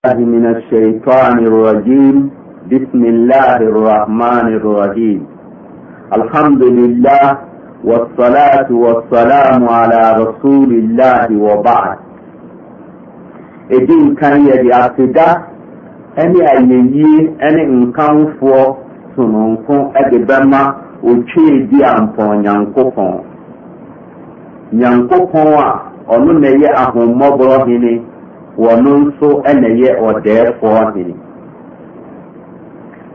الله من الشيطان الرجيم بسم الله الرحمن الرحيم الحمد لله والصلاة والسلام على رسول الله وبعد èdè nǹkan yẹ̀dì àtidá ẹni àyèyí ẹni nǹkan foɔ sononko ɛde bɛma otwee di ampɔn nyankopɔn nyankopɔn a ɔno na ɛyɛ ahomɔborɔ hene wɔno nso ɛna yɛ ɔdɛɛfoɔ hene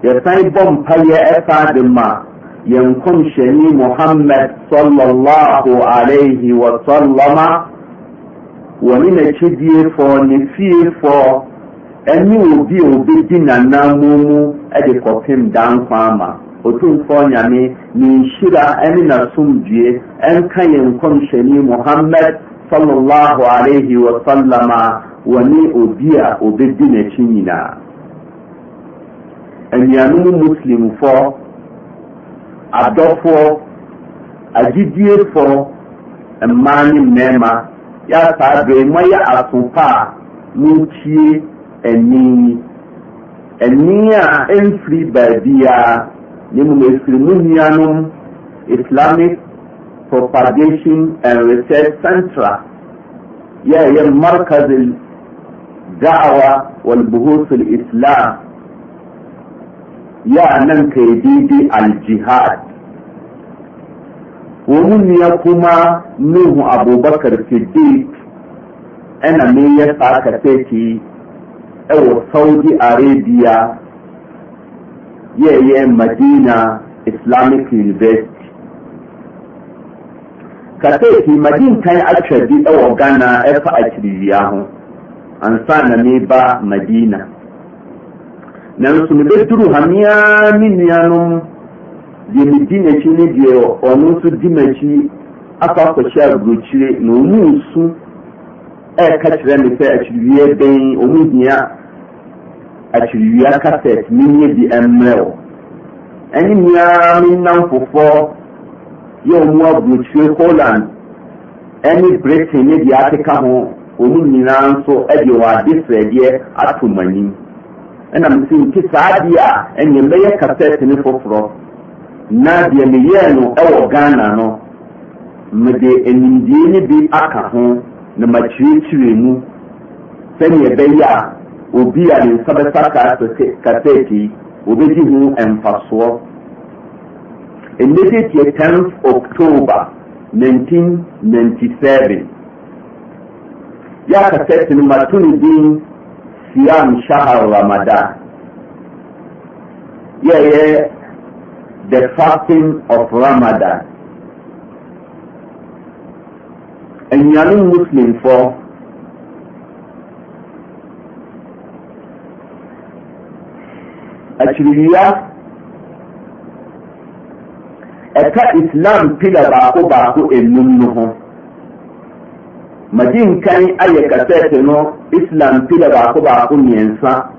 yɛsan bɔ mpayɛ ɛfa e de ma yɛn kɔmhyɛni muhammad sallallahu alaihi wasallama wɔne n'akyidiefoɔ ne fiefoɔ ɛne obi a obɛdi n'anammɔ mu e de kɔpem dankwa ama otumfoɔ nyame ne nhyira ne n'asomdue ɛnka yɛn kɔmhyɛni muhammad sallallahu alaihi wasallama wɔne obi a obɛdi n'akyi nyinaa anuanom muslimfoɔ adɔfoɔ agyidiefoɔ mmaa ne mmarima yɛasaa berɛ mu ayɛ aso pa a montie ani ani a ɛmfiri baabiaa ne mmom ɛfiri mu nuanom islamic propagation and research central yɛɛyɛ markazil da'awa wal buhusul islam ya nan ka yi daidai al-jihad ya kuma nuhu abubakar siddiq ana me ya saka ki ewo saudi arabia yeye madina islamic university ka ki madin kan achabi ewo ghana efa achiriya ho ansa na meba madina nanso mebɛduru hameaa me nuanom deɛ medi n'akyi ne deɛ ɔno nso di m'akyi afa akɔhyɛ aburokyire na ɔmu nsu ɛreka kyerɛ me sɛ akyiriwie bɛn ɔmu hia akyiriwia kaset menyɛ bi mmerɛ wo ɛne nuaa me nnamfofoɔ yɛ ɔmu aburokyire holland ɛne britain ne deɛ akeka ho wɔn nyinaa nso de wɔn ade srɛdeɛ ato wɔn anim ɛna mesi nti saa adeɛ a ɛnyɛ mbɛyɛ kasɛte ne foforɔ na deɛ meyɛɛ no wɔ ghana no mede nimdeɛ no bi aka ho na makyerɛkyerɛ mu sɛnea ɛbɛyɛ a obi a ne nsa bɛsa kasɛte yi wɔbɛgye ho mfasoɔ ɛnɛ de deɛ 10th october 1997 yɛakasɛte nomatono din siam shahar ramadan yɛyɛ the fasting of ramadan anuanm muslimfɔ akyiriwia ɛka islam pi dar baako baako ɛnum no ho majin kan ayyaka setino islam pila ba ku ba ku miyansa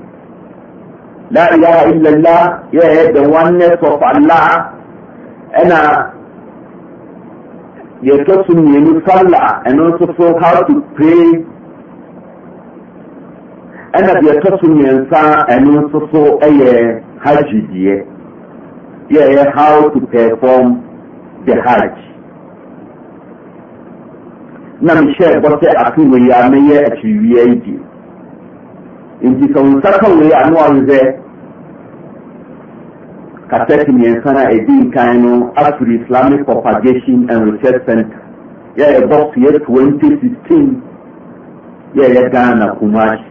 la ilaha illallah ya yadda wanne of allah ana ya to su nemi sallah and also so how to pray ana ya to su miyansa and also so aye hajji diye ya how to perform the hajj nan ṣẹ́gbọ́tẹ́ àfihàn amẹ́yẹ àṣìwíyẹ ìdì ntisawunsakawee ano awezɛ kasɛte mmiɛnsa no a ɛdi e nkan no afiri islamic propagation and research center ya yɛyɛ bɔx yɛ 2016 ya yɛyɛ e ghana kumasi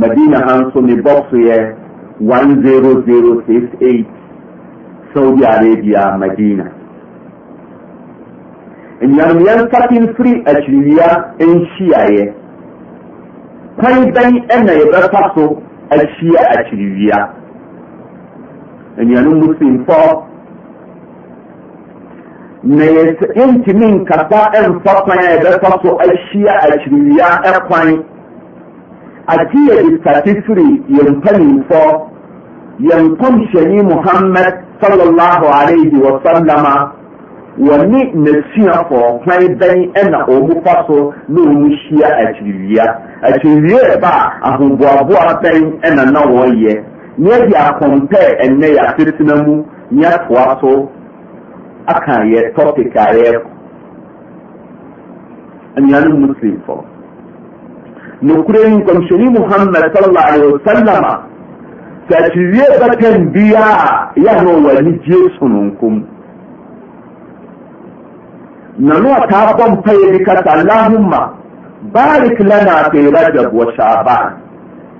madina ha nso ne bɔx yɛ 10068 saudi arabia madina nyanom yɛn sakin firi akyiriwia nhyiaeɛ kwan bɛn ɛna yɛbɛfa so ahyia akyiriwia nnuanom musimfo na yɛntumi nkasa ɛmfa kwan a yɛbɛfa so ahyia akyiriwia ɛkwan agye yɛde sate firi yɛn mpanimfo yɛn kɔmhyɛni muhammad sallallahu alaihi wa sallama wɔne n'asuafoɔ hwan bɛn ɛna ɔmu so na ɔmu akyiriwia akyiriwia ɛba a ahoboaboa bɛn na wɔyɛ nea de akɔmpɛ ɛnɛ yɛ mu nea toa so aka yɛ topic a yɛ anuanom yi nkɔmhyɛni muhammad sallallahu alaihi wasallam sɛ akyiriwia bɛtɛn biara wɔ نلوتا بمطيبك اللهم بارك لنا في رجب وشعبان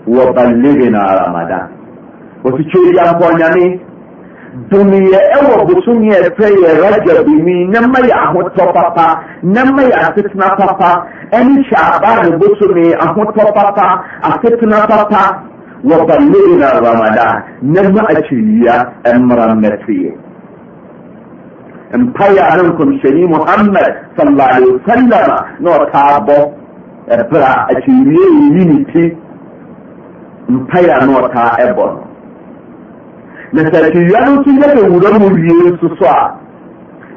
وبلغنا رمضان وفي يا أخواني dumiya ɛwɔ bosom yɛ fɛ yɛ ragya bimi nneɛma yɛ ahotɔ papa nneɛma yɛ asetena papa ɛne hyɛabaane bosom yɛ ahotɔ papa asetena papa wɔ balere na ramadan nneɛma akyiriwia ɛmmara mmɛteɛ mpa yɛ a ne nkɔmhyɛni mohammad sh ahi wasallama na ɔtaa bɔ ɛberɛa akyewie nime ti mpayɛ a na ɔtaa ɛbɔ no na sɛ aker wia no nso yɛda wura mu wie nso so a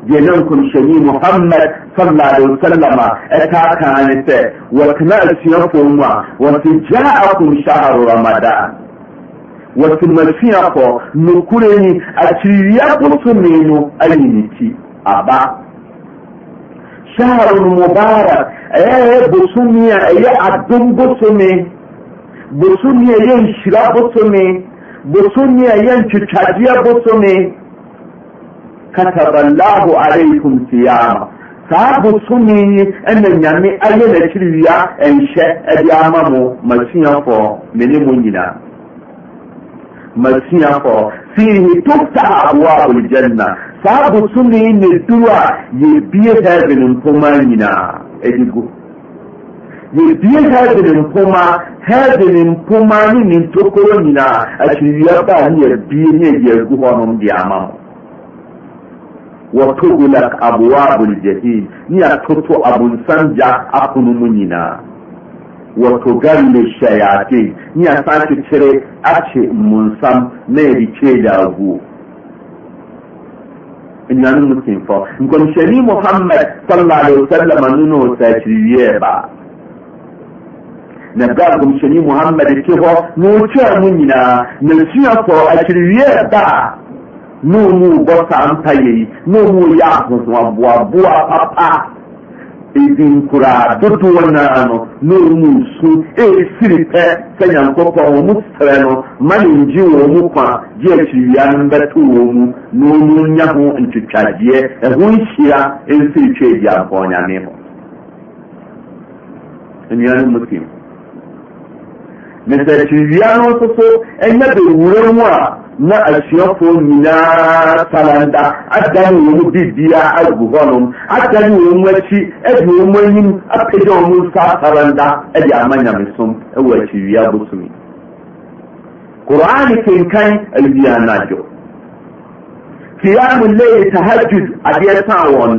dee ne nkɔmhyɛnii mohammad salah alhi wasalama ɛtaa kana ne sɛ wɔtena asuafɔ mu a wɔso gjaakum shahro ramadan wasu wasilmalfiya ko nukure ni a ciriya kulsu menu aliniti a ba shaharun mubarak ayaye busumiya ayi addun busumi busumiya yin shira busumi busumiya yin cikajiya busumi kataballahu alaikum siyama saa busumi ni ɛna nyame ayɛ n'akyiriwia ɛnhyɛ ɛde mu mo ko mini mun nyinaa masiafa fiihi toftaha abwab l janna saa bosonei ne duru a yɛ bie heven mpomaa nyinaa ɛde gu yɛ bie heven mpoma haven mpoma ne nintokoro nyinaa akyiro wia baa ne yabie ne ayɛ agu hɔnom de ama mu watoglak abwab ljahim neyatoto abonsan gya aponomu nyinaa wato galle shayate ni a sake cire ace munsam na rike da abu ina nun mutum fa nkwan shari muhammad sallallahu alaihi wasallam nuno ta ciye ba na ga gum shari muhammad ke ho mu ce mun ina na ciya ko a ciye ba no mu ba ta an tayi no mu ya ko abuwa abuwa papa ɛdi nkoraa dodoɔnaa no na ɔmu su esiri pɛ sɛ nyankopɔn ɔ mu serɛ no ma ne ngye wɔ mu kwa gye akyiriwia nombɛto wɔ mu na ɔnu nya ho ntwetwadyeɛ ɛho nhyira ɛnsiritwa adyankoɔ nyame ho nnua nomu tim nìtẹ̀síyánú tótó ẹgbẹ́bẹ̀ ìwúrẹ́ wọn na àṣíọ́fò nìyà tàlàndà àdáni òun bíbí mu àdáni òun ẹkí mu òun ẹyìn apẹjọ òun sá tàlàndà ẹdí amányàmísùn ẹwọ àṣírí abótumi. kùránì kankan ẹlẹ́bíyà nàjọ. kìyàmù lẹ́yìn tahajjud adìẹ tán wọn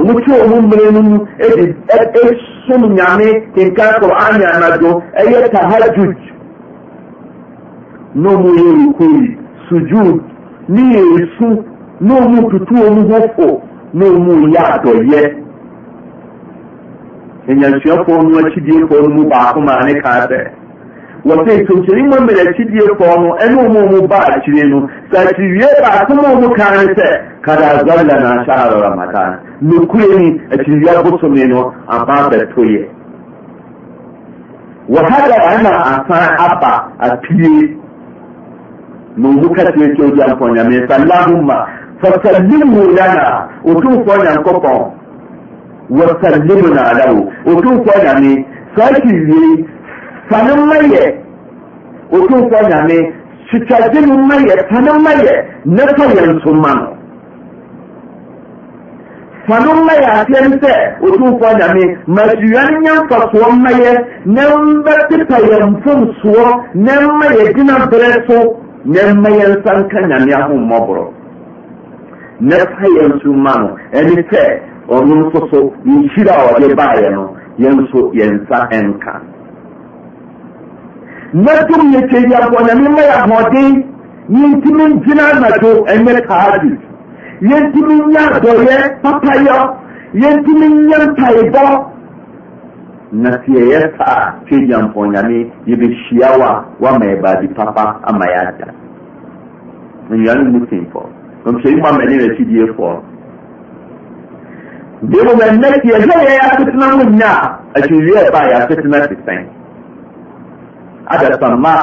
umuco omumuremu esomu nyame kenka qur'an anadwo ɛyɛ tahajud na ɔmu yɛ rukui sujud ne yɛ esu na ɔmu tutu ɔmu ho fo na ɔmu yɛ adɔyɛ ɛnyansuafoɔ no akyidiefoɔ no mu baako maa sɛsomkyannima mmirɛkyidie fɔɔ no ɛne omuomu ba akyirei no sɛ akyiriwiee baasom o mu kan ne sɛ kadazallana sahra ramadan nokureni akyiriwia bosome no aba bɛtoyɛ wahadabanna asan aba apie nao mu ka tirɛ kɛ odyanp nyame sa allahuma fasallimhu lana ɔtumfɔɔ nyan kɔpɔn wasallimuna lahu ɔtumfɔɔ nyame saa kyiriwiei fane ma yɛ ɔtumfoɔ nyame kyitwade no ma yɛ fane ma yɛ nɛ fa yɛ nso mma no fano mma yɛ aseɛ ne sɛ ɔtumfoɔ nyame masuwa ne nya mfasoɔ mma yɛ na mbɛ pepa yɛ mfom soɔ na mma yɛ gyina berɛ so na mma yɛ nsa nka nyane ho mmɔborɔ nɛ fa yɛ nso ma no ɛne sɛ ɔnon nsoso nhyira a ɔde baeɛ no yɛnso yɛnsa ɛnka natum ne ke yabɔ nyame ma yɛ ahoɔden yɛntumi ngyina anadwo ɛnyɛ kaadi yɛntumi nya adɔyɛ papayɔ yɛntumi nya mpaebɔ na sɛ yɛyɛ saa sɛ nyampɔ nyame yɛbɛhyia wo a woama yɛ baadi papa ama yɛ ada nnuane mu simfɔ ɔmhyɛyi mu amane n'akyidiefoɔ de mmom ɛnnɛ sɛ yɛhwɛ yɛyɛ asetena ho nnya a akyiriwie ɛba yɛ asetena sesɛn ada sama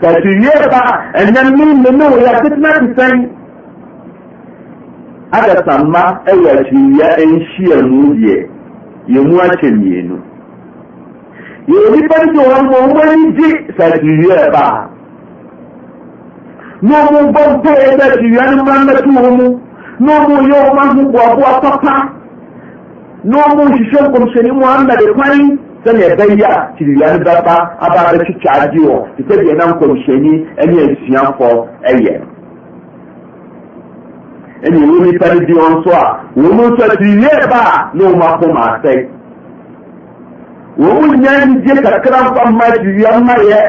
ka ba ɛnyɛ ne ne ya tena te sɛn ada sama ɛwɔ shi nhyia mu deɛ yɛn mu akyɛ mmienu yɛn nipa bi wɔ hɔ wɔn sa ba na wɔn bɔ mpɛɛ sɛ tuyɛ no mma mmɛto wɔn mu na ma yɛ wɔn ahoboaboa papa na wɔn hyehyɛ nkɔmhyɛni mu ama de sani yi a tiriwa no bɛba aba abɛtwitwa agye wɔ te sɛ deɛ na nkɔmhyɛni ne asuafoɔ ɛyɛ ɛne ɛwɔ nnipa no bi nso a wɔn mu nso ba a na wɔn ako maasɛe wɔn mu nya anigye kakra mfa mma tiriwa mma yɛ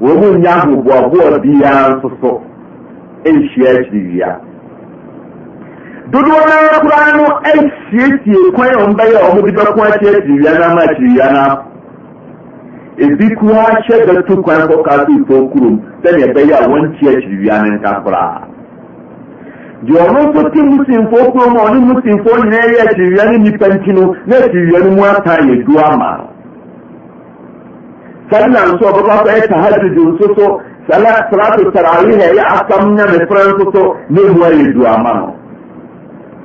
wɔn mu nya ahoboaboa biara dodoɔ naa koraa no asiesie kwan a ɔmbɛyɛ e a ɔmode bɛko akyɛ akyiriwia na e e ama akyiriwia na ebi koraa hyɛ bɛto kwan kɔ kaaseefo kurom sɛdeɛ ɛbɛyɛ a wɔnkye akyiriwia no nka koraa deɛ ɔno nso te musimfoɔ kurom a ɔne musimfoɔ nyinaa yɛ nti no na akyiriwia no mu ata yɛ du ama no nso ɔbɛba nso so nso so ne mu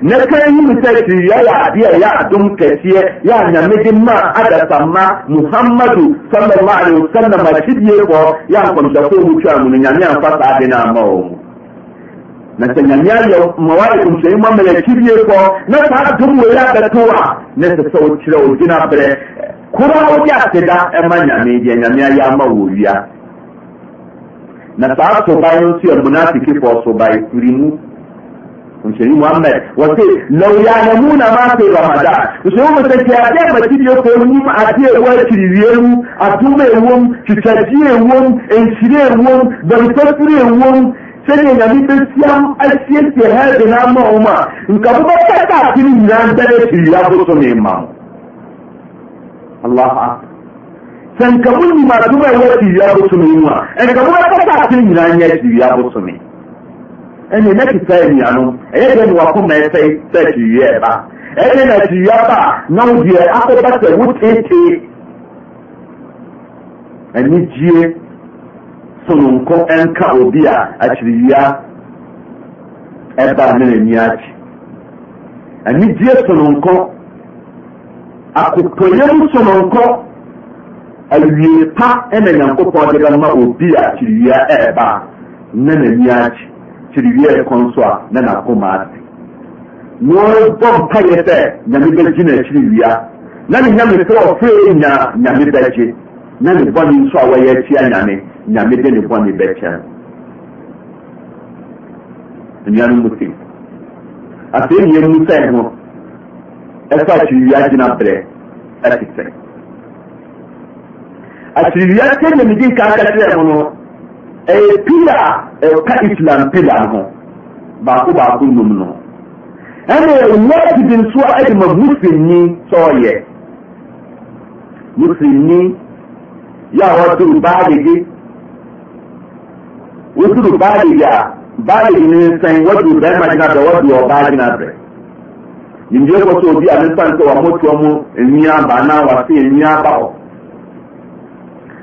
nakan yi sati ya yadiya ya adum kasiye ya namijin ma adasa ma muhammadu sallallahu alaihi wasallam shidiye ko ya kwamta ko mu cewa mun nyame an fasa adina ma o na ta nyame ya mawai e kun sai ma mele shidiye ko na ta dum we ya da towa na ta sau cira o dina bre kura o ya ta da e ma nyame je nyame ya ma wo wiya na ta so bayo su ya e munafiki ko so bayo kurimu e Mshauri Muhammad wase law ya'lamuna ma fi Ramadan ushauri mtakiaje batidio ko nyuma atie wati rieru atume wom kitajie wom enshire wom barikotire wom sani nyame bɛsiam asiesie ha de no ama wo mu a nka mobɛka kaate no nyinaa ntɛne afiriyia bosome ma wo allahu akbar sɛ nka monim adom a ɛwɔ afiriyia bosome mu a ɛnka mobɛka kaate no nyinaa nyɛ afiriyia bosome ɛne na kita ɛnia no ɛyɛ dɛ ne wakoma ɛsɛe sɛ akyiwie ɛba ɛne na akyiwie aba na wo deɛ akɔba sɛ wo teetee anigye sononko ɛnka obi a akyiriwia ɛba ne n'ani akyi anigye sononko akokoyɛm sononko awie pa ɛna nyankopɔn de bɛma obi a akyiriwia ɛɛba na akyi kyirewiee kɔ nsoɔ a na nagoma ade no ɔɔbɔ mpaeɛ sɛ nyame bɛgyi na kyiri wia na ne yame fɛrɛ ɔferɛɔnya nyame bagye na ne bɔne nso a wɔyɛ akyia nyame nyame de ne bɔne bɛkyɛ no nnua nomu tim ase neɛmmu sɛn ho ɛfɛ akyiriwia gyina berɛ ɛti sɛn akyiriwia kɛdea megenkaa ka kyerɛɛ mo no ɛyɛ eh, pila ɛka eh, islam pila ho baako baako num no ɛna ɛwajib nso ɛde ma muslimni sɛ ɔyɛ muslimni yɛ a wɔtoro baadege wotoro baadege a baadege ne nsɛn wɔde bɛrima gyina bɛ wɔde ɔbaa gyina bɛ nimdeɛ kɔ sɛ obi a ne nsa nsɛ wɔamɔtoa mu nnua aba anaa wɔase nnua aba hɔ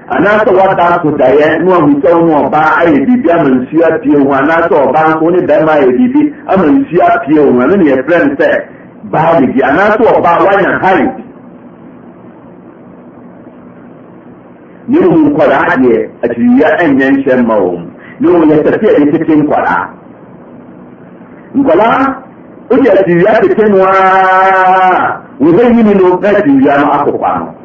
anaasɛ woada akodaeɛ na wahusɛw no ɔba ayɛ biribi ama nsuo apue ho anaasɛ ɔba nso ne bɛrima ayɛ biribi ama nsuo apue ho ɛno ne yɛfrɛ no sɛ biology anaasɛ ɔba woanya height ne mu nkwadaa deɛ akyiriwia ɛnyɛ nhyɛ mma wɔ mu ne tete wode akyiriwia tete no a wɔbɛyini no na akyiriwia no akokwa no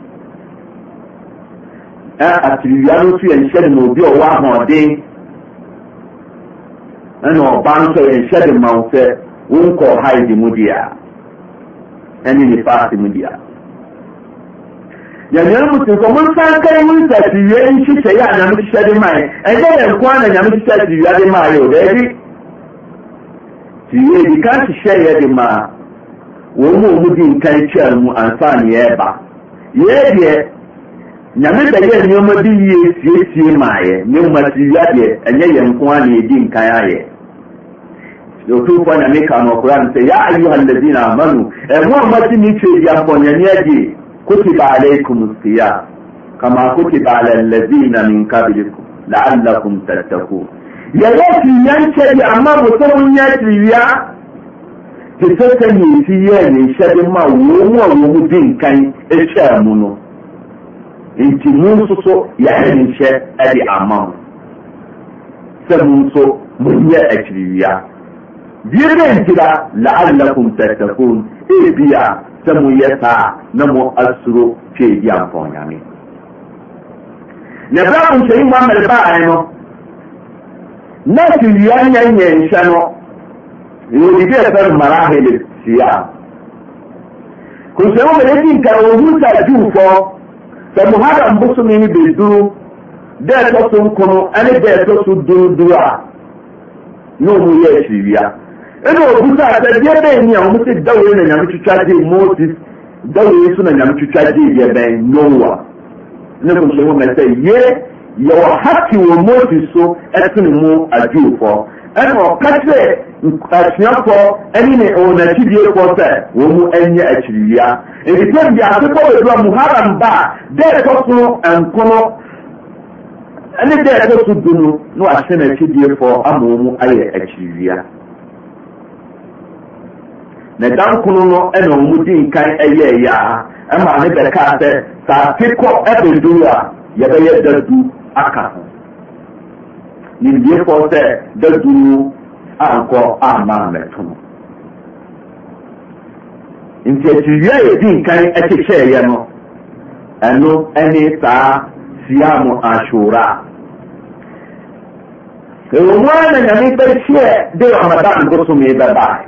atiri wia no nso yɛnhyɛ de ma obi ɔwɔ ahoɔden ɛna ɔba nso ma sɛ mu ɛne nipa ase mu mu atiriwia a nyame hyehyɛ de mae ɛnyɛ nko na nyame hyehyɛ atiriwia de o tiriwia ka hyehyɛ yɛ de maa wɔn mu di nkan mu ansa nyame da yɛ nneɛma bi yie siesie ma ayɛ ne mmatiria deɛ ɛnyɛ yɛn nko a na yɛdi nkan ayɛ otumfoɔ nyame ka no ɔkora no sɛ ya ayuha alladina amanu ɛmo a mati ne twɛ di abɔnyane agye kutiba alaikum siyam kama kutiba ala alladina min qablikum la'allakum tattaqun yɛyɛ kiriya nkyɛ bi ama bosɛ mo nya kiriya te sɛ sɛ ne ɛsi yɛ ne nhyɛ de ma wɔ mu a wɔ mu di nkan ɛhyɛɛ mu no nti mu nso so yɛɛ ninhyɛ ɛde ama no sɛ mu nso monyɛ akyirɛ wia die bɛ nkyira laalakum tattakon ebia sɛ moyɛ saa na mo asuro twedi ampaɔo nyane nɛ berɛ komhyɛ yimu ammerebaaɛ no nase wua yɛyɛnhyɛ no ɛwɔdibɛ ɛ fɛno mmarahele siaa komhyɛni womɛnɛti nkar ɔmu sa duwufɔ sɛ muharam bosome bɛ duru da ɛtɔ so nkono ɛne da ɛtɔ so duruduru a na ɔmu yɛ akyiriwia ɛna ɔbu sɛ asadeɛ bɛn ni a ɔmo sɛ dawei na nyame twitwa gyee moses dawei nso na nyame twitwa gyee yɛ bɛn noa ne kɔmhyɛ mu mɛ sɛ ye yɛwɔ hake wɔ moses so ɛtene mu adwuwfɔ ɛna kachasị kyerɛ ɛne ne ɔnakyidiefoɔ sɛ wɔn mu ɛnyɛ akyiriwia ɛfisɛ bi ase kɔ wɔ adura muharam ba dɛ ɛkɔ so nkono ɛne so na wahyɛ no ama wɔn mu ayɛ akyiriwia na dan no ɛna wɔn mu di nkan ɛyɛ ɛyɛ saa ase kɔ ɛbɛduru a yɛbɛyɛ dadu aka yìnyín kọsẹ̀ dẹ́dúró àǹkọ àmà mẹ́tún. nti akyiriwie a yɛdi nkan kyekyɛeɛ no ɛno ne saa siam ashura ɛwɔ mu ara na nyame bɛhyɛ de ramadan bosome bɛbae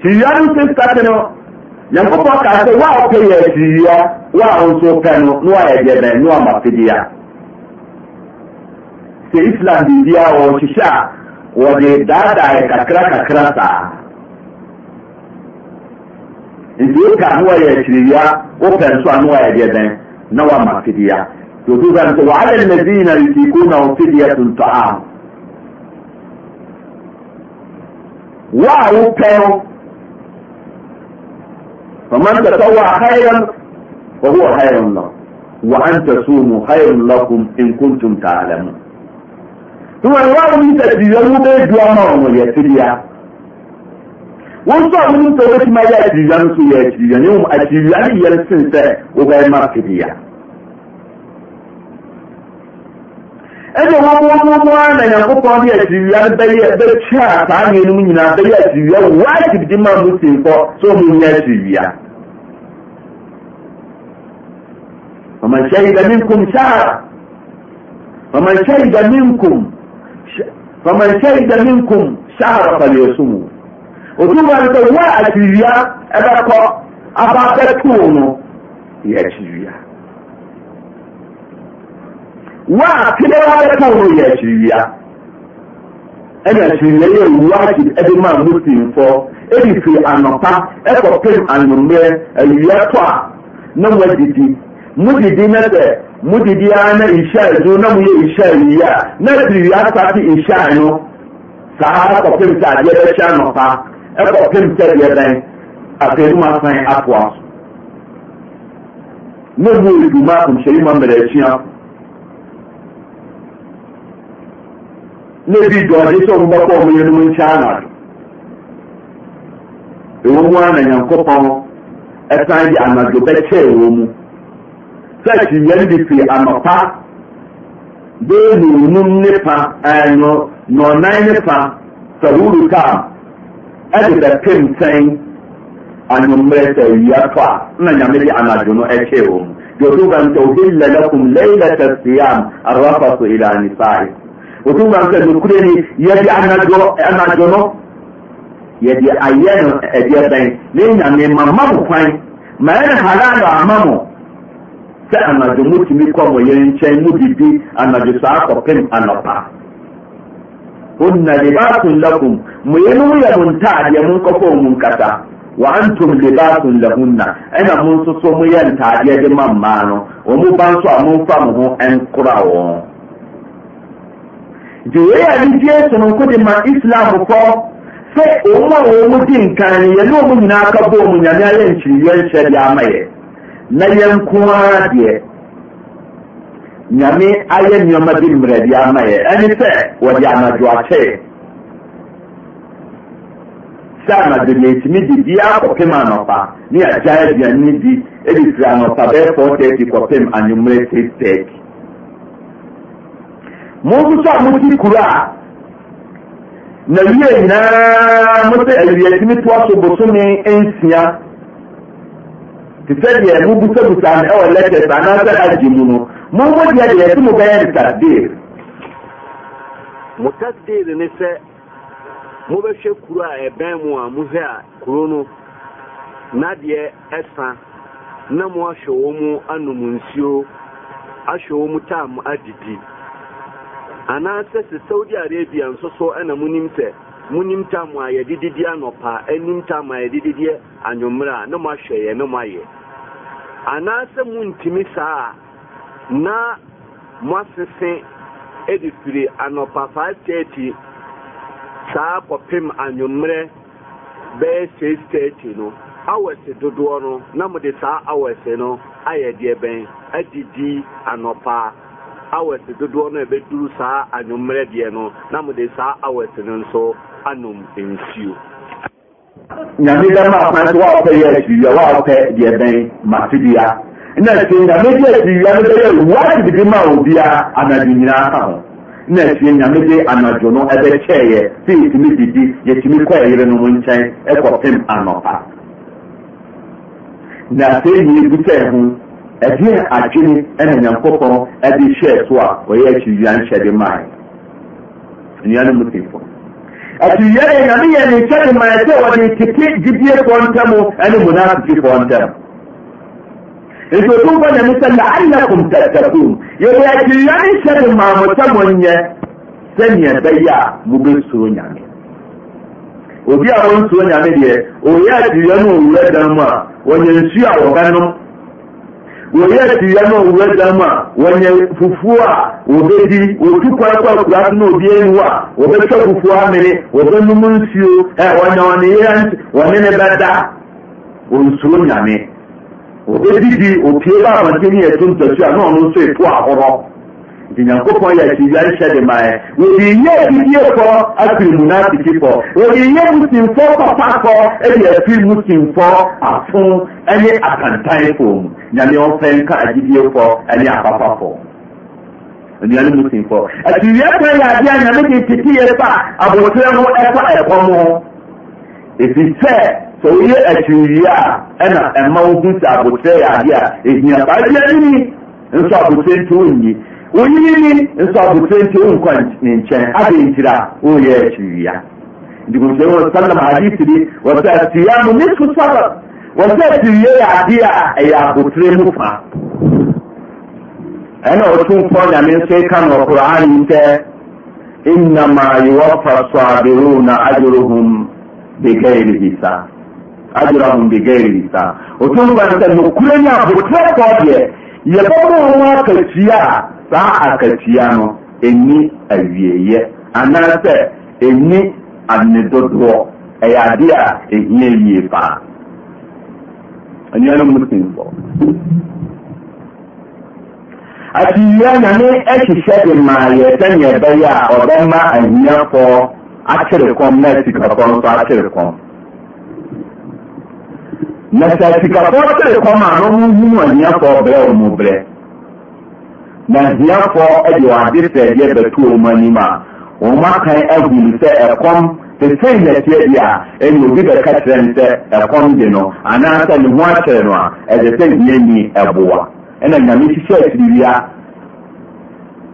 kyiriwia no nso sate no nyankopɔn kaa sɛ woa wopɛ yɛ akyiriwia woa wo nso pɛ no na woayɛ deɛ bɛn ne woama fidea islam bibia wɔn hyehyɛ a wɔde daadaa kakra kakra saa nti woka ne wɔyɛ akyiriwia wopɛ nso a ne wɔyɛ deɛ dɛn na woama fidia totu sa nso waala alladina yutikuna hum fidyatun taam wo a wopɛ no faman tatawwa khairan fa huwa khairun lahu wa an tasumu khairun lakum in kuntum ta'lamun nwere ọrụ ntetiri ewube edu ọma ọnwụ ya tiri ya wọ́n sọ àwọn oníṣẹ́ owó tí máa yá àtìrìyá ń sọ yẹ àtìrìyá ní òun àtìrìyá ní ìyẹn sì ọba ya. wọn mú wọn mú wọn nà yàn kópa ní àtìrìyá bẹ́yẹ bẹ́ẹ̀ tí a sáà ní ẹnu nyìnà bẹ́yẹ àtìrìyá máa mú sí nkọ́ tó mú ní àtìrìyá. ọmọ ìṣe ọmọ ìṣe faman shahida minkum shahara falyasumu òtúmọ̀ ní pé wọ́n àṣìríyá ẹgbẹ́ kọ́ abáfẹ́ tó òun yẹ àṣìríyá wọ́n àkílẹ̀ wọ́n abẹ́ tó òun yẹ àṣìríyá ẹni àṣìríyá yẹ wájú ẹbí máa mú sí nfọ ẹbí fi ànọ̀pá ẹkọ̀ pé ànọ̀mẹ́ ẹ̀yẹ́tọ̀ a náà wọ́n dìdí mú dìdí mẹ́tẹ̀ẹ́. mudi biara na isha zo na mu yɛ yi ya na tiri wia asate isha no saa kɔpem sɛ adeɛ bɛhyɛ anɔpa ɛkɔpem sɛ deɛ bɛn afɛnum asan akoa so na e mu ma mmerɛ atua na ebi dɔɔde sɛ ɔmo bɛkɔ ɔmo mu na nyankopɔn ɛsan de anadwo bɛkyɛ ɛwɔ mu sɛkyi yɛn de fi anɔpa beenu num ne pa ɛno nɔnan ne pa sahuru kaa ɛde bɛpem sɛn anwummerɛ sɛ awia tɔ a na nyame de anadwo no ɛkyee wɔ mu يتوب أن تهل لكم ليلة الصيام الرفث إلى نسائكم وتوب أن تذكرني يدي أنا جنو يدي أيان أدي أبين لأن أنا ممام فاين ما أنا حلال أمامه sɛ anadwo motumi kɔ yɛn nkyɛn mu bibi anadwo saa kɔpem anɔpa libasun lakum yɛ mo ntaadeɛ mo nkɔfɔ mu wa antum libasun lahunna ɛna mo nso so mo yɛ ntaadeɛ de ma mmaa no wɔn ba nso a mo nfa mo ho nkora wɔn nti a ne die sononko de ma islamfoɔ sɛ wɔn a wɔn di nkan nyinaa ka bɔ wɔn na yɛ nkoara deɛ nyame ayɛ nneɔma di mmerɛdeɛ amaeɛ ɛne sɛ wɔde amadwoakyɛɛ sɛ amade de tumi di biara kɔpem anɔpa ne a gya duani di di siri anɔpa bɛɛfɔɔ taati kɔpem anwommerɛ ti taati monko so a moti kuro a na wie nyinaa mo sɛ awiriatumi toa so bo so me nsia ti sɛdeɛ mobusabusa no ɛwɔ letters anaasɛ agye mu no mommɔ deɛ deɛ yɛse mo bɛyɛ no tasdeer mo tasdeer ne sɛ mobɛhwɛ kuro a ɛbɛn mu a mohwɛ a kuro no nadeɛ ɛsa na mo ahwɛ wɔ mu anom nsuo ahwɛ wɔ mu tam adidi anaasɛ sɛ saudi arabia nso so ɛna monim sɛ munim tam a yɛde didi anɔpa anim tam a yɛde didi anwummerɛ a ne mo ahwɛ yɛ ne mo ayɛ anaasɛ muntumi saa a na moasese de firi anɔpa 530 saa kɔpem anwummerɛ bɛyɛ 630 no hours dodoɔ no na mode saa hours no ayɛ deɛ bɛn adidi anɔpa hours dodoɔ no a ɛbɛduru saa anwummerɛ deɛ no na mode saa hours no nso anom nsuo nyame bɛma akwan so woapɛ yɛ asiwia woapɛ deɛ bɛn matedua na afie nyame de asiwia no e bɛyɛ wadidi e e ma obiara anadwo nyinaa ka ho na afie nyame de anadwo no ɛbɛkyɛɛyɛ sɛ yɛtumi didi ya kɔ ɛyere no mu nkyɛn ɛkɔpem anɔpa na afei yie bi sɛ ho ɛdeɛ adwene ɛna nyankopɔn ɛde so a ɔyɛ asiwia ya mae nnuanom mu atuwuareɛ nameyɛ ne nhyɛ de maɛ sɛ ɔde keke gyibie pɔ ntamo ɛne mu nofiki pɔɔ ntam nsɛ ɔtumfaname sɛ laalakum tattakuun yɛde aterwa ne nhyɛ de maa mo sɛ mɔyɛ sɛnea bɛyɛ a mobɛsuro nyame obi a wɔ nsuro nyame deɛ ɔwɛ ɛ atura ne ɔwura dan mu a ɔnya nsuoa wɔ bɛnom wɔyɛ tiyɛ no owura dam a wɔnyɛ fufuo a wɔbɛdi wɔtu kwan kɔ akura so na obi ayi hɔ a wɔbɛtwa fufuo amene wɔbɛnum nsuo ɛ wɔnyɛ wɔne yɛ wɔne ne bɛda ɔnsuro nyame wɔbɛdidi opie ba abɔnten yɛ to ntɔsu a na ɔno nso epo ahorɔ nti nyankopɔn yɛ akyiwia nhyɛ de ma ɛ wɔde nyɛ adidiefɔ afiri mu n'asikifɔ wɔde nyɛ musimfɔ papakɔ ɛde afiri musimfɔ afo ɛne akantanfo mu nyame ɔmfɛn ka agyidiefɔ ɛne apapafɔ nnuane musimfɔ akyiwia kan yɛ adeɛ a nyame de tete yɛ fa abotire ho ɛfa ɛkɔm ho ɛfiri sɛ sɛ woyɛ akyiriwie a ɛna ɛma wo hu sɛ abotire yɛ adeɛ a ɛhia saa adeɛ no ni nso abotire nti wonnyi onye nsọ bụ twenty nkwa nkyɛn abịa onye akyiri ya ndigunso yi sanam adi siri wɔsɛ asiri ya mu ne sosaba wɔsɛ asiri ya yɛ adi a ɛyɛ abotire mu fa nyame nso ka na ɔkoro anyi sɛ innama yuwaffa sabiruna ajruhum bighairi hisab ajruhum bighairi hisab ɔtun pɔ nyame sɛ nokura ni abotire kɔ deɛ wɔn akatua a saa akakyia no ɛnni awieyɛ anaasɛ ɛnni anedodoɔ ɛyɛ ade a ɛhia yie paa anuanom muslimfo na nyame ɛhyehyɛ de maa yɛ sɛnea ɛbɛyɛ a ɔbɛma ahiafoɔ akyere kɔm na asikafɔ nso akyere kɔm na sɛ asikafɔ kyere kɔm a no mo hunu ahiafoɔ brɛ wɔ brɛ na de wɔn ade sɛdeɛ bɛto ɔm anim a wɔma kan m sɛ ɛkɔm te sɛi natiɛ a ɛnɛ obi bɛka kyerɛ n sɛ ɛkɔm de no anaasɛ ne ho akyerɛ no a ɛsɛ sɛ hia ni ɛboa ɛna nyame hyihyɛ akyiriwia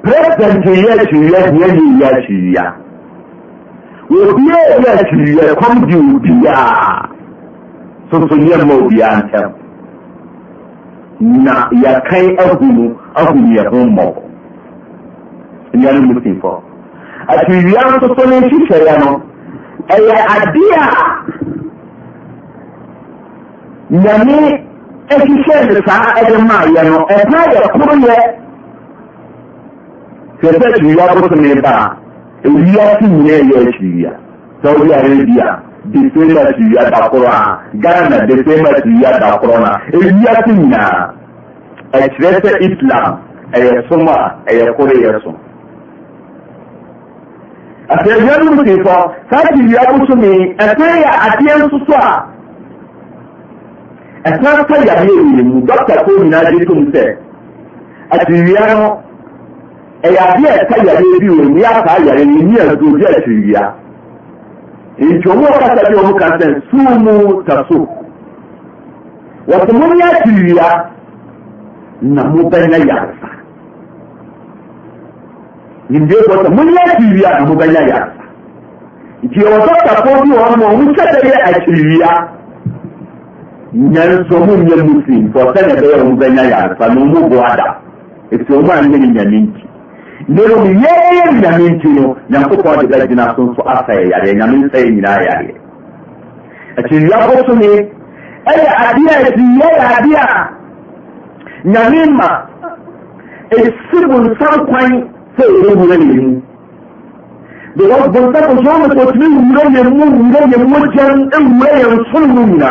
president yɛ akyiriwia hia ni yɛ akyiriwia obiaa yɛ akyiriwia ɛkɔm de obiaa nneɛma obiaa ntɛm na yɛkan ahu nu ahu nu yɛho mmɔɔ ɛnyanomu tinfɔ akyiriwia nso so ne nhyehyɛeɛ no ɛyɛ adeɛ a name ahyehyɛ nde saa ɛde maa yɛ no ɛka yɛ koroeɛ fɛɛsɛ akyiriwia botone ba a ɛwia se nyinaɛyɛ akyiriwia sɛ wobiarebia desemba tuya dakɔrɔna gana desemba tuya dakɔrɔna eliyasi ɛkyerɛ sɛ islam ɛyɛ som a ɛyɛ kore yɛ sɔn asɛnyɛnu mu ti fɔ sáàtì yìí abusu mi ɛtɛ yɛ adeɛ nsoso a ɛsan nka yare yɛ mu dɔkita ko nyinaa de tom sɛ atiriwia no ɛyɛ adeɛ ɛsa yare bi wɔ mu yɛ aka yare ni ni ɛdɔ bi atiriwia. nkɛomukasabi omukase sumu ta soku wasomonyakiriria namobanya yasa imdeamomyakiriria namobanya yasa nkiɛwsotakobim mukyatɛrɛ akiriria nyansomu ye muslim orsenebɛɛomubanya yasa nomugoada esiomuanmeni nyaminki lero mi yɛyɛ nyame nti no nyankopɔn de bɛgyina so nso asɛe yadeɛ nyame nsɛe nyinaa yadeɛ akyiriwiabɔ so ne ɛyɛ adeɛ a ɛsiyɛ yɛ adeɛ a nyame ma ɛsi bonsam kwan sɛ ɛyɛwura ne mu because bonsam so sɛ ɔtumi wura yɛn mu wura yɛn mu gyɛn wura yɛn so no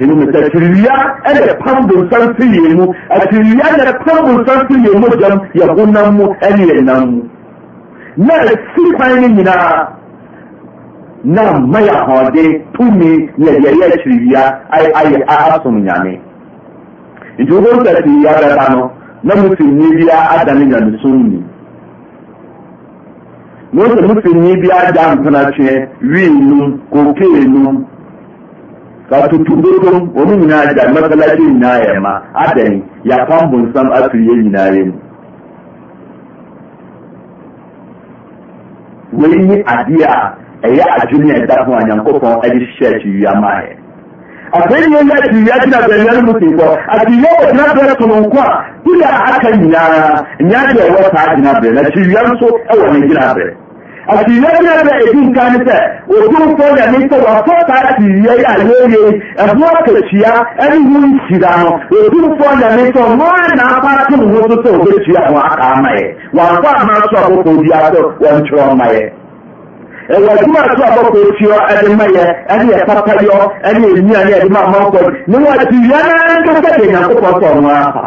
musɛ akyiriwia ɛnɛ pam bonsamsiri ye mu akyiriwia nɛ pan bo nsamsiri ye mu gyam yɛgo nam mu ɛne yɛ nam mu na ɛsi kwan no nyinaa na ama yɛ hoden tumi yɛ yɛyɛ akyiriwia ɛayɛ aasom nyane nti wokɔ u sɛ akyiriwia bɛba no na mufɛ nni bia adane nyame som nim mohusɛ mufɛ ni bia da mpona atweɛ wii num kokoe num wato tugogon omi na da matsalaci na ya ma adani ya kwambun sam asiri yi na wani yi adiya a yi a duniya da kuma yan kofin shi ya a sai yi ya ci ya ci na ko a na kuma tuna ya ya ce wata na bayan ya so a wani gina àti ìyẹ́bíyẹ́ bẹ èdè nǹkan ní sẹ́ òtú nǹkan yẹn ní sọ wà fọ́ ká ti yẹ yà lóye ẹ̀fọ́ kẹ̀kíá ẹni hu ń ṣìlá no òtú nǹkan yẹn ní sọ wọ́n ẹ̀ nà apá tó nù wọ́n tó sọ òbí ṣìlá wọn àká ama yẹ wọn kọ́ àmà sọ àkókò bí aṣọ wọn twerɛ ɔma yɛ ɛwɔ adwuma so abɔkɔ twerɛ ɛde ma yɛ ɛne yɛ papayɔ ɛne yɛ nyia ne ɛde ma amanfɔ ne wɔte wia no ankasa de nyankopɔn sɔ ɔno afa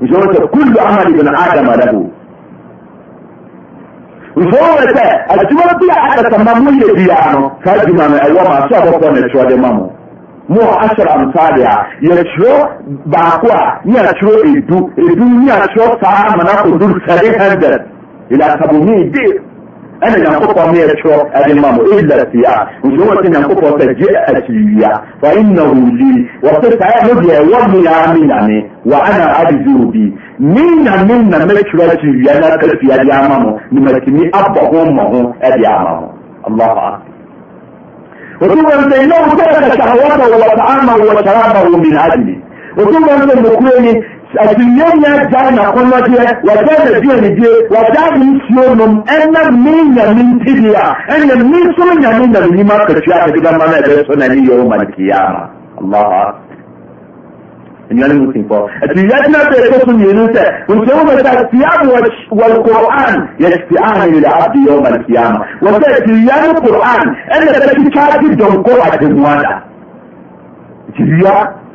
nso wɔn sɛ kullu amali nso wo were sɛ adwuma bia akasamma moyɛ bi yaa no saa duma no ɛwɔ ma so abɔfɔ ne ɛkyerɛde ma mo moɔ asyer ansadi a yɛkyerɛ baako a neakyerɛ ɛdu ɛdu nyeakyerɛ saa mana akɔdoru sevi h0nded ila sabumi de أنا ينقطع من الشر الإمام إلا السياع وجوة ينقطع تجئ السياع فإنه لي وقطع مبيع ومي عاملني وأنا أبزر بي مين مين مكرة سيانا كرفيا الإمام نمكني أبهم الإمام الله أكبر وثم أنه ترك شهوته وطعامه وشرابه من أجلي وثم أنه مكويني asilimia Ghana kɔnɔjɛ wagya na di anigye wagya ne nsuo nom ɛnam ne nyame ntidi a ɛnam ne nso nyame nam nyima akatua a ɛde bɛma no ɛbɛyɛ so na ne yɛwɔ ma kiyama allah nnuane mu simfɔ ɛti yɛgyina sɛ ɛkɔ so mmienu sɛ nkyɛmu bɛ sɛ asiam walquran yɛsiane lil abdi yawma alkiyama wɔ sɛ tiriya no quran ɛna ɛbɛtwitwa gye dɔnkɔ ademuada tiriya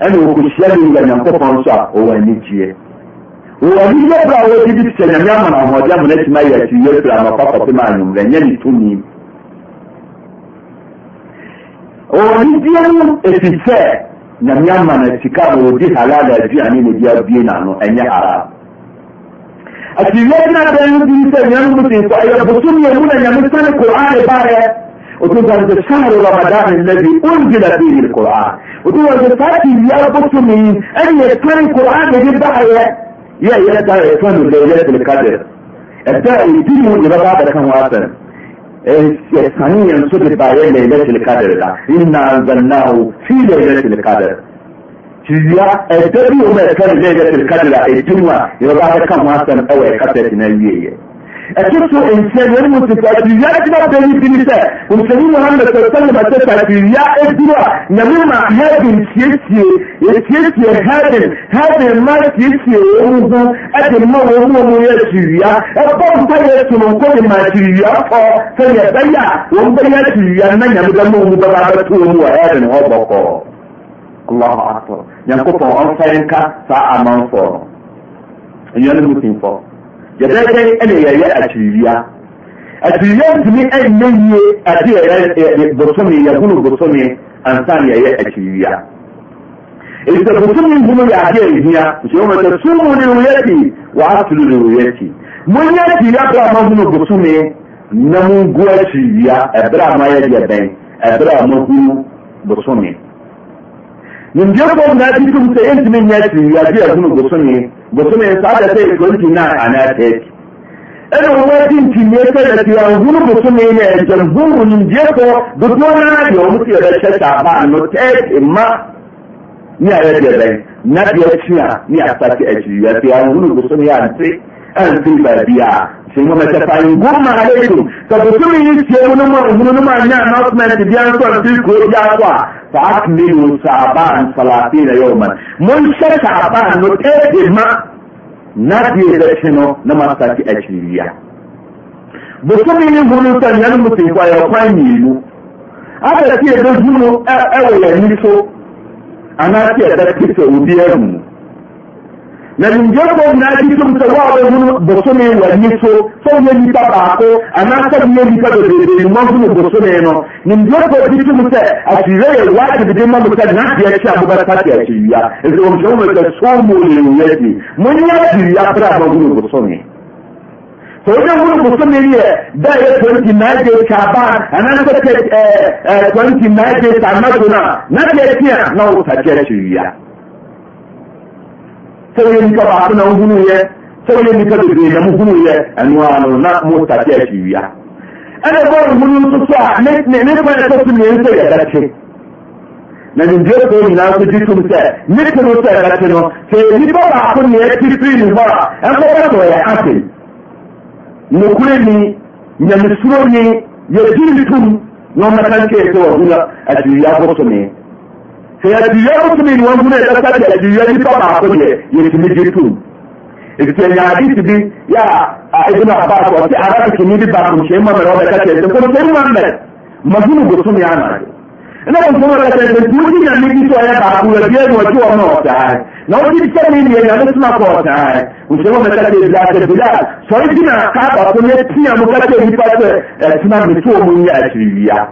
ɛna okuhyia bi yɛ nyankopɔn so a ɔwɔ ani gyeɛ wɔwɔ ani yɛ bra a wɔde bi sɛ nyame ama no ahoɔden ama no atumi ayɛ atiriɛ firi anɔpa kɔpem anwummerɛ nyɛ ne tumi wɔwɔ ani bia no ɛfiri sɛ nyame ama no sika ma ɔdi halal aduane na bi abue n'ano ɛnyɛ haram atiriɛ no adan no bi sɛ nyame mu sen so ɛyɛ bosom yɛ mu na nyame sane koraa ne baeɛ وتقول هذا شهر رمضان الذي أنزل فيه القرآن وتقول هذا فاتي يربط من أن يكون القرآن يجب بقى يا يا ترى يكون ليلة القدر الداعي يدينه من بقى ده كان واسن ثانيا صدر بعد ليلة القدر إنا أنزلناه في ليلة القدر jiya a dabi umar ليلة القدر kadira a jinwa ya ba ta kan wasan ɛteso nhyɛne ɔnemu tifo akerwia de ma bani bini sɛ komsane mohammad saa salam asɛsɛ akyeri wia duro a nyame ma haden tieie ɛtiesie haden haden ma tiesie wɔ n ho ɛde ma wɔ muonyɛakyer wia ɛbɔm sɛ yɛtononko ne ma kyeri wia pɔ sɛyɛbɛyɛ a wɔm bɛyɛ akyeriwia na nyame bɛma o mu bɛbaa bɛtoɔ no wɔ aden hɔ bɔkɔɔ allh akbar nyankopɔn ɔmfaye nka saa amansoɔ no nanomu timf yɛbɛyɛ ɛna yɛyɛ atwiriwia atwiriwia ntumi ɛnyɛ yie ade yɛyɛ bosome yɛhunu bosome ansa na yɛyɛ atwiriwia ɛsɛ bosome hunu yɛ ade ɛhia nhyɛ wɔn sɛ sumu ne wuyɛti wɔasoro ne wuyɛti monyɛ atwiriwia bere a mahunu bosome na mongu atwiriwia ɛbere a mayɛ deɛ bɛn ɛbere a mahunu bosome nimdiopɔ mna di tum sɛ ɛntumi nya akyirɛ wia beahunu gosone boso ne saa da sɛ ɛkonti nan anaataɛte ɛnɛomaadyi ntinniɛsɛdɛ te ɛnhunu bosone na jyamhuru nimdiopɔ dodoɔ noanadeɛ ɔm te yɛbɛkyɛsyɛ aban no tɛɛte mma neayɛ deɛ bɛn na bea kyi a neasake akyiriwia ti anhunu bosone ante antei baabiaa sai mu mace fa in gumma ka yi ce wani ma wani ma nya announcement ko ya kwa fa akmilu saban salatina yawman mun no ma na biye da shino na masaki a shiriya mutum yi hulun san yan mutum kwa ya kwa ni mu aka ce da zuno ewe ya ni so ana ce da so mu nanimdiɛfoɔ nyinaa de twom sɛ woa wobɛhunu bosone wa ni so sɛ woanipa baako anaasɛ woɛnipa bebebenuma hunu bosonee no nemdiɛfoɔ di twom sɛ asowirɛ yɛwade bede ma m sɛ nadeɛ kye a mobɛsate akyerɛ wia nsɛ ɔmhyɛ omɛɛ soo m onewua tie monyɛ akyer wia berɛ a ma hunu bosonee sɛ wogya hunu bosone ne yɛ da yɛ twantinage tyaba anaasɛɛ twantina gee sanadono a nadeɛ te a na wosate akyerɛ wia sɛwoɛ nnipa baako na wohunuyɛ sɛ woyɛ nipa bebree namohunuuyɛ ɛno aano na moate ater wia ɛnɛ gohunu nso so a ne kwa ɛkɛ so neɛ n sɛ yɛbɛte nanimdio fɔɔ nyinaa nso gyi tum sɛ me tero sɛ ɛbɛte no sɛyɛ nnipa baako nneɛ tipiri ne hɔ a ɛmfa bɛsɛɔ yɛ apen nokoro ni nyame suroni yɛgintum na nakankɛɛ sɛ whu n aterwia bo sone a oonauɛɛaakyrɛ ipa baako dɛ yɛtumi gye tm fɛ nyaetebi aiɛɛa aun ooaɛaea o bisɔre inaa a aipsɛ teaetoɔ m yɛ akyrɛa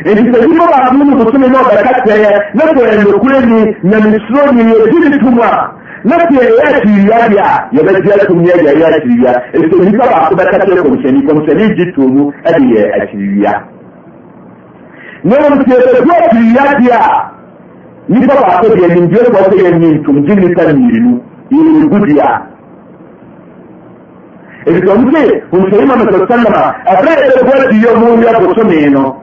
nti sɛ nnipa baaso mo nodosone na ɔbɛka kerɛɛ na sɛyɛnnokoroni nyamesuronin ɛgyi ne tum a na sɛ yɛɛɛ akyiriwia de a yɛbɛde atom ɛyɛ akyiriwia ɛfiɛnipa baaso bɛka kerɛ kɔmhyani kɔhyɛnegyi to nu de yɛ akyiriwia neom sɛ yɛbɛdu atyiriwia de a nnipa baaso deɛanimdiofɔɔ sɛ yɛni ntom gye nnipa niri nu yɛyɛgu di a ɛfitɔm te hnsyima mesesaama ɛfrɛ yɛbɛbu atirɔ mu ɛ bosone no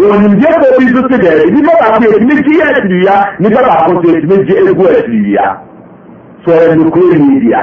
ìwònyìnbí ẹ̀kọ́ bí nso ti dẹ̀ ebi bá baako etimi ti yẹ ẹsiri ya nípa baako ti etimi gye egu ẹsiri ya sọ ẹ̀ nukuri ni ya.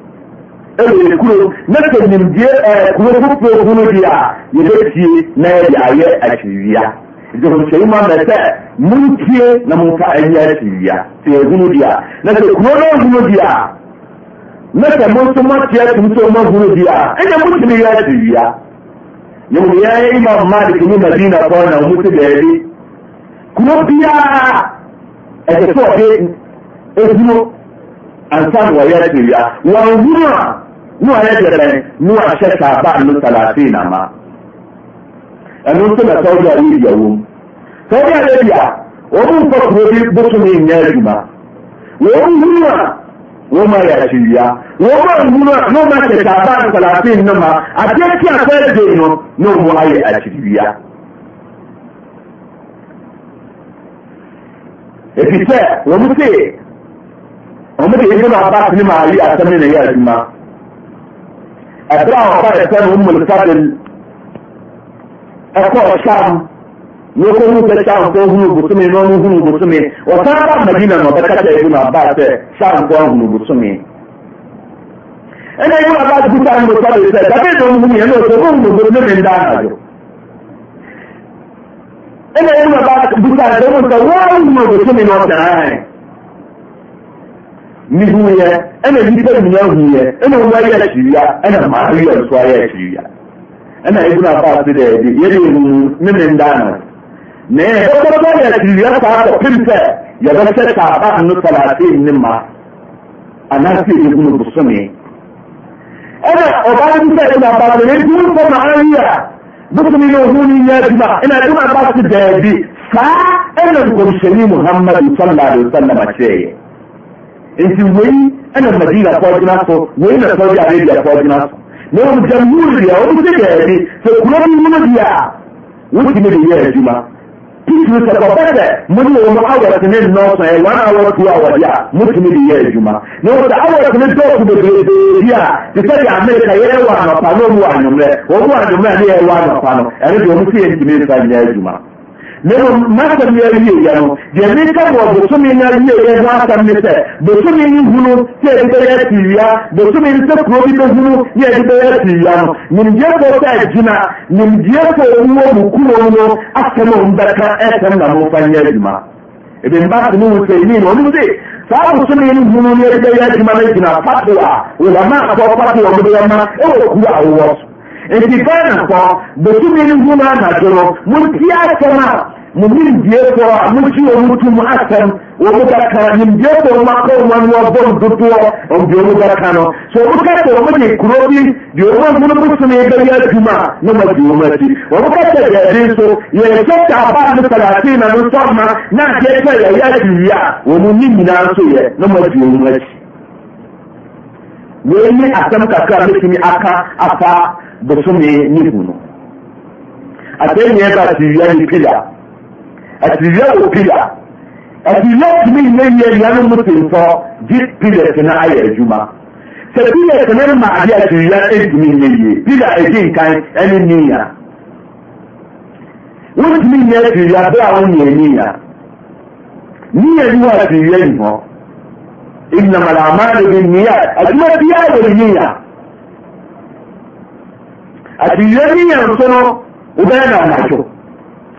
ɛwɔ kuro na sɛ nimdeɛ ɛɛ kuro foforɔ ho no bi a yɛbɛtie na yɛde ayɛ akyiriwia dɔnhyɛyi mu amɛ sɛ montie na momfa ɛnyɛ akyiriwia sɛ yɛhunu bi a na sɛ kuro no hunu bi a na sɛ mo nso moateɛ tom sɛ moahunu bi a ɛnyɛ motumi yɛ akyiriwia yɛmu yɛ imam ne madina kɔ na ɔmo sɛ baabi kuro biara ɛsɛ sɛ ɔde ɛhunu ansan wa ya tiliya wa nuwa nuwa ya tiliya nuwa shaka ba nu talatin ma ẹnu sọ na saudi arabia wo saudi arabia wọn mu nfa kuro bi bóso mi nyɛ adwuma wọn mu a wọn ma yɛ tiliya wọn ma mu a wọn ma shaka ba nu talatin na ma adeɛ ti a fɛn de no na wọn ayɛ atiliya. efi sɛ wɔn mu se ọmọdé yìí nínú abá sinmi máa yí asẹ́mi nìyí àdìmá ẹ̀dá àwọn ọba ẹ̀fẹ́ ní ọmọ ìfàdé ẹ̀kọ́ ọ̀ṣàm ní okó ń fẹ́ ṣàm kó hun ògùsùnmi ní ọmọ hun ògùsùnmi ọ̀sán bá màdínà ẹnna sáà ìdánwò yẹn mihuya ana libar mu ya huya ana ruwa ya shirya ana mahariya ruwa ya shirya ana ibn abbas da yadi yadi min dana ne ko ko ya shirya ta ta pinta ya ga ta ta ba annu 30 min ma ana fi ibn busami ana obarin da ibn abbas ne dun ko mahariya duk ne yohuni ya jima ina ibn abbas da yadi fa ana gurshani muhammad sallallahu alaihi wasallam ce nti wei ɛna madina kɔɔgyina so wei na saudi arabia kɔɔgyina so na wɔn jamhuri deɛ wɔn ti dɛɛbi sɛ kuro bi mu deɛ a wotumi de yɛ adwuma titiri sɛ kɔbɛ dɛ mo ne wɔn awɔte ne nnɔɔso ɛ wɔn awɔ tu awɔde a motumi de yɛ adwuma na wɔn sɛ awɔte ne dɔɔso bebree bi a te sɛ de amerika na wɔn wɔ anwummerɛ wɔn wɔ anwummerɛ ne yɛ wɔ man m' asɛm yɛawieia no deɛ me kamɔ bosome no awiei ho asɛm ne sɛ bosome ne hunu tɛ ade bɛyɛ si wia bosome no sɛ kuro bi bɛhunu nɛade bɛyɛ siwia no nimdeefɔɔ sa gyina nimdeefɔ wu ɔ mu kumo mu no asɛm om bɛka ɛsɛm na mofa nyɛ adyuma bimbase ne hu sɛnin ɔno se saa bosome ne hunu ne ade bɛyɛ adwuma no gyina fatoa wolamaakɔ fatoɔ modeɔma ɛwɔkuru a wowɔ ntifana fɔ bɛtumi no hum anadwo no motie asɛm a monimdiefɔ a mosyiɔ mutum asɛm ɔ mubɛka nimdiefoomakɔma nowabɔ n dodoɔ ɔmde o mu baka no so moka tɔo mode kuro bi deɛomuhuno mosone bɛyɛ adwuma a na mafu wɔ m akyi ɔmokɛkɛ dabi nso yɛsɛ ta aba no salaseina no nsɔmna na keɛkɛ yɛyɛ adewie a ɔmoni nyinaa nso yɛ na moafu o m akyi moo ni asɛm kakra mɛtimi aka afaa osome hu no asa nɛbɛ aturwia ye pila aturwiwa wo pila aturwia tumi nya yayua no mu tem sɔ dye pile tena ayɛ adwuma sɛ pile tene mma ade aturwiwa ɛntumi nnɛ ye pila ɛkyi nkan ɛne niya wo ntumi na atirwiwa berɛ a wo nea nyiya niayino aterwia yi hɔ innamalamano benia adwuma piaa woriya ata niya nsono wodɛnamajɔ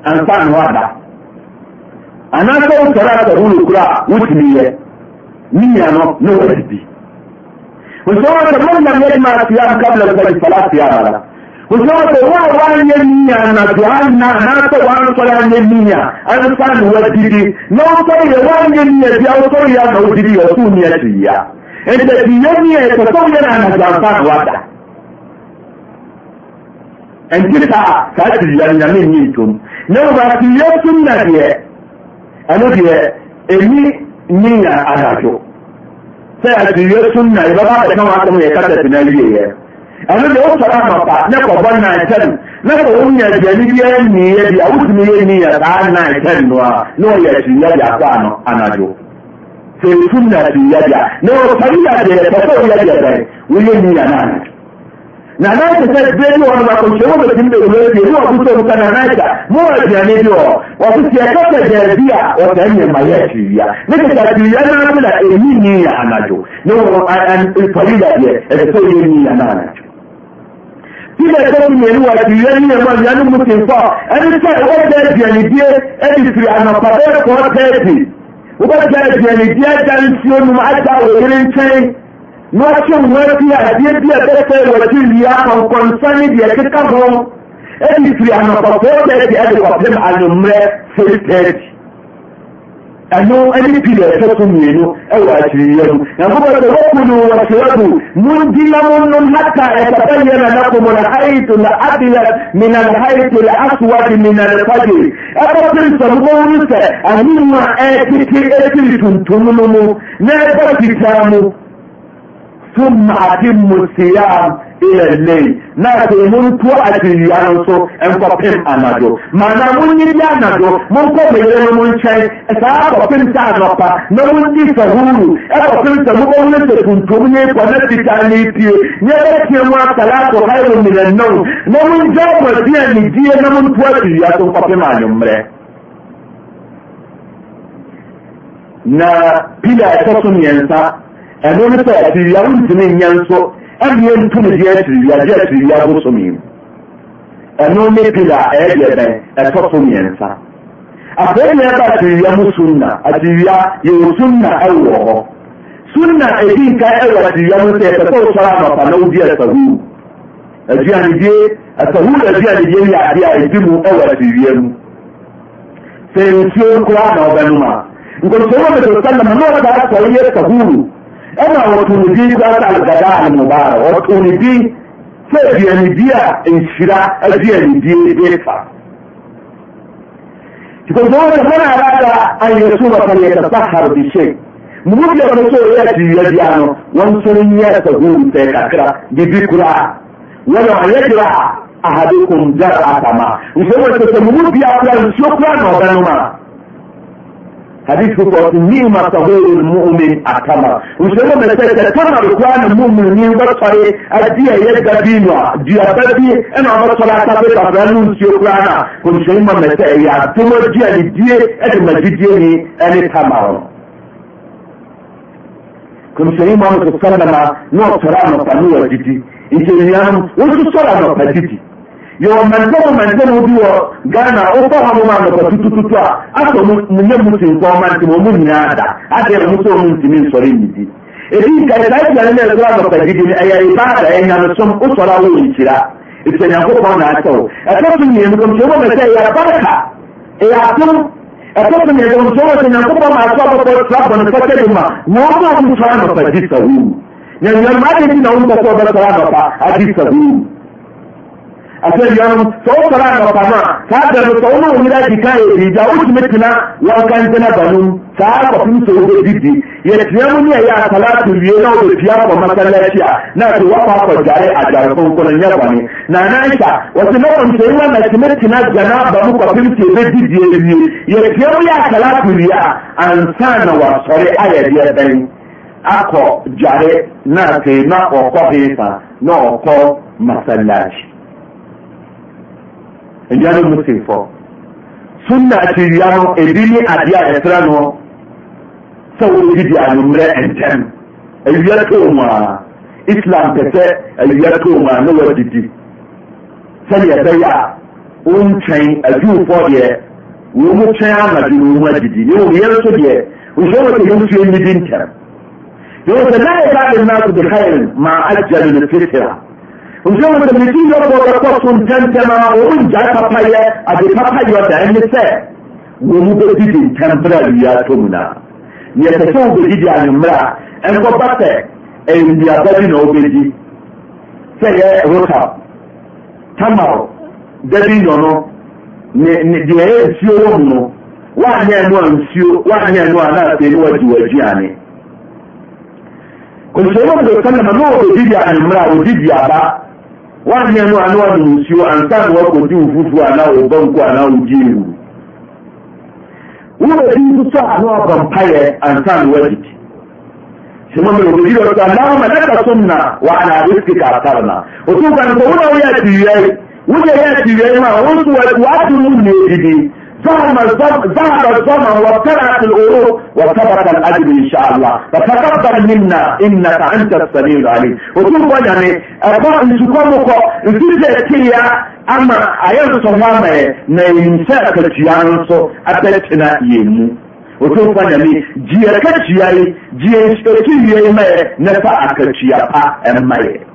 ansanda ansa wosar alr wotii anɔ nw i sa a aa y ɔ a ananwa ddi ɔey a ɔeat na nti saa saaturia nyame nyi ntom na oma atura sunna deɛ ɛno deɛ ɛni niya anadwo sɛ asura sunna yɛbɛbaɛkawmyɛkatɛteno wieɛ ɛno deɛ wosɔanɔpa na kɔbɔ na tɛn na sɛ wo nya duani bianiiɛdiɛ wotumiyɛnia saana tɛn noa ne ɔyɛ aturadaɔanawo ɛɛna turada naadɛɛsɛoyɛde brɛn woyɛ nia neanadwo nanate sɛbrɛ bi ɔnoakɔhyɛ bɛtumi ɛutienbokananata ma waaduane bi ɔ ɔdeseɛ kɛsa gyabi a saa nyama yɛ akiriwia ne keɛ keriiana ɛmi nia anawo ne paiadeɛ ɛtɛ sɛyɛiyan anadwo tibɛksemianwɔakiriwiaano esɛ newoɛka aduanedie de siri anapabɛɛkɔ tape woɛka aduanediɛ aga nsuɛ num aka woyene nkyɛn lọ́kùn lọ́rẹ́kí àdàbí ẹbí ẹgbẹ́rẹ́kẹ́ ìrọ̀lẹ́kí ìlúyà kọ̀ọ̀kan sani di ẹ̀kí kábọ̀ ẹbí firi ànàkọ̀ tó bẹ́ẹ̀ di ẹbí kọ̀pẹ́m ànàmúrẹ́ fẹ́rí pẹ́ẹ́tì ẹnu ẹni pilẹ̀ ẹ̀fẹ́ tó mìínú ẹwà àṣírí yẹnu ẹ̀fọ́ bẹ́ẹ̀ wọ́n mú láta ẹ̀fẹ́ yẹn mìnà mìnà ẹ̀fọ́ tó ń sẹ̀ àmì tumm atimmu siam ilalail na te mo ntoɔ atwewua no nso ɛnkɔpem anadwo maana monnye by anadwo monkɔmeyere no monkyɛn saa kɔpem sɛ anɔpa na monde sahuru ɛkɔpem sa moowono sa tuntom nekɔ na tikanne tie nɛbɛ piɛmu asalato hairo minanom na mondyawmo abi anigyie na monto atwewua so nkɔpem anwommerɛ na pilar ɛtɔ somɛ nsa ɛnono sɛ aterewia wo ntine yɛ nso meɛntu no deɛ akyerewia gye akyerewia bosomei mu ɛno ne pirea ɛɛdeɛ bɛn ɛfɔ somiɛ nsa afei neɛɛba akyerewia mu sunna aerwia yɛwɔ sunna wwɔ hɔ sunna ɛdi nkae wɔ akyerewia mu sɛ yɛfɛsɛosɔre anapana wobi asahuru aduane die asahur aduane die yɛadeɛ a ɛdi mu wɔ akyerewia mu sɛ ntuo koraa na ɔbɛnom a nkokɛmatwsalm na ɔsaasɔre yɛ sahuru ɛna ɔtoo no bi kora saalgadan mobar ɔtoo no bi sa adu ane bi a nhyira aduane bie be fa nikɛsɛmaneadada anyɛsu no pane ɛtasahar bi syei memu bia oo sɛ ɔyɛati wia bia no wɔnsono nyɛ asahuru sɛ kakra bibi koraa wɔne ayɛyera ahadokum gare asama mfmsɛ sɛ memu bia kora a nsuo kora nɔ ɔbɛnoma hadithu kwa nima tahuru mu'min akama ushema mesete tana kwa mu'min ba tsare adiya ya gabina diya babi ana ba sala ta be ta ranu siyo kurana kun shema mesete ya tuma diya ni diye edi majidiye ni ani tamaro kun shema mu sallama no tsara no kanu wajidi injiniyan wasu sallama wajidi yɛwɔ mɛntɛmu mɛntɛmu bi wɔ ghana wofɔ hɔ mo ma nɔkɔ tutututu a asɔ mo mo nyɛ mo sen kɔn ma ntɛmu mo nyinaa da adeɛ na mo sɛ ɔmo ntumi nsɔre nidi ebi nkaisa ekyia ne ɛsɛ anɔkɔ gidi ni ɛyɛ ibaada ɛnyame som wosɔre awo nhyira efisɛ nyankopɔn na akyɛw ɛtɔ so mmienu kɔm sɛ wɔbɛ sɛ ɛyɛ abaraka ɛyɛ atom ɛtɔ so mmienu kɔm sɛ wɔbɛ sɛ nyankopɔn ma aso abɔbɔ tra bɔ ne kɔkɛ de mu a na wɔn a wɔn sɔre anɔkɔ adi sa wuu na nyɛmaa de bi na wɔn kɔkɔ ɔbɛsɔre anɔkɔ adi asaua sɛ wosɔre anɔpam a saa damosɛwo no ɔnyirai kan yɛ biiga wotumi tena wanka nena banom saakɔsɛ wobɛdidi yɛ tiram neayɛ asalaatowie na obɛpii akɔ masalaki a nat wakɔ gyare adare konkono yɛ kɔne naananhɛ iɛiwaateme tena ganaba nu ebɛdidiie yɛ team yɛ asalatowie a ansan na wasɔre ayɛdeɛ bɛn akɔ gyare nate na ɔkɔ hesa na ɔkɔ masalachi ɛnua no mu si fɔ sunna akyiriya no ebi ne adeɛ a yɛsrɛ no sɛ wɔdi di anwummerɛ ɛntɛm awia too mu a islam pɛ sɛ awia too mu a na wɔadidi sɛdeɛ ɛbɛyɛ a wonkyɛn adwuwfoɔ deɛ wɔn mu kyɛn anadwo na wɔn mu adidi ne wɔn yɛn nso deɛ wɔn mu sɛ yɛn nsuo nnidi ntɛm yɛn sɛ na yɛ ba ɛnna so de hayi ma agyɛ no ne fitira metimɛkoɔ bɛkɔ so ntɛmntɛm a ɔnongyae papayɛ ade papayɛɔda ɛne sɛ wɔ mu bɛdi di ntɛm berɛ awia tɔmu no a neɛ sɛ sɛ wobɛgyi di anemmerɛ a ɛnkɔba sɛ mdiaba di na wobɛgi sɛ yɛ rokap tamaro da bi yɔno deɛɛ nsuo wɔ mu no wanɛ mo ansuo waɛ no anaase ne woagye w'aduane kyɛɛnana ɔbɛdi de anemmerɛ a ɔdi diabaa nwaahịa nụ anụ adụ nsuo anka na di ufufu ana ụbọ nkwu ana uji iwu wúwẹ̀ bí sísọ àná ọkọ̀ mpáyẹ ansan wẹ́ẹ̀dì sèmọ́mi òbí yìí ọ̀sán náà mà lẹ́ka sọ́n na wà á nàá wíṣí kà àtàr na òtún kan kò wúlò wúyà tìrìyà yìí wúyà yà tìrìyà yìí mà wọ́n tún wà tún nù ní èdìdì ذهب الزمن ذهب الزمن وابتلعت القلوب وكبر الاجر ان شاء الله فتقبل منا انك انت السميع العليم وتقول يعني اقرا نشكمك نتيجه اما ايضا صلاه ننسى كتيانسو اتتنا يمو وتقول fanya ne jiya kaciya yi jiya shi yi mai na fa'a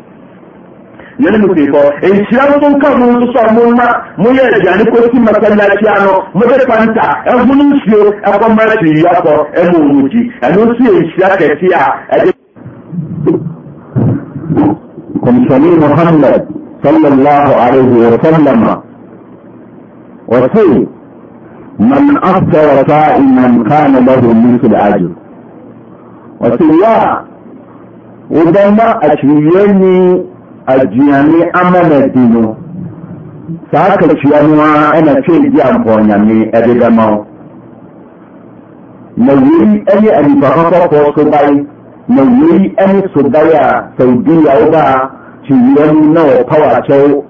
yana nufi ko in shiga mutum kan mun su amma ma mun yi da jani ko sun maka lafi ano mun zai fanta a gunun shi a kan mara shi ya ko a mun wuce a nun su yin shiga ka fi a ajiye. kamshani muhammad sallallahu alaihi wa sallam wa sai man wa sa'iman kana lahu min su da ajr wa sai ya wanda ma a shiryen ne aduane ama no adi no saa katua no ara ɛna twɛdi a mpɔnyame ɛde na wo na a ne anipa kɔkɔkɔɔ so na wei ne so bae a saudia wobaa kyewia mu na wɔpaw akyɛw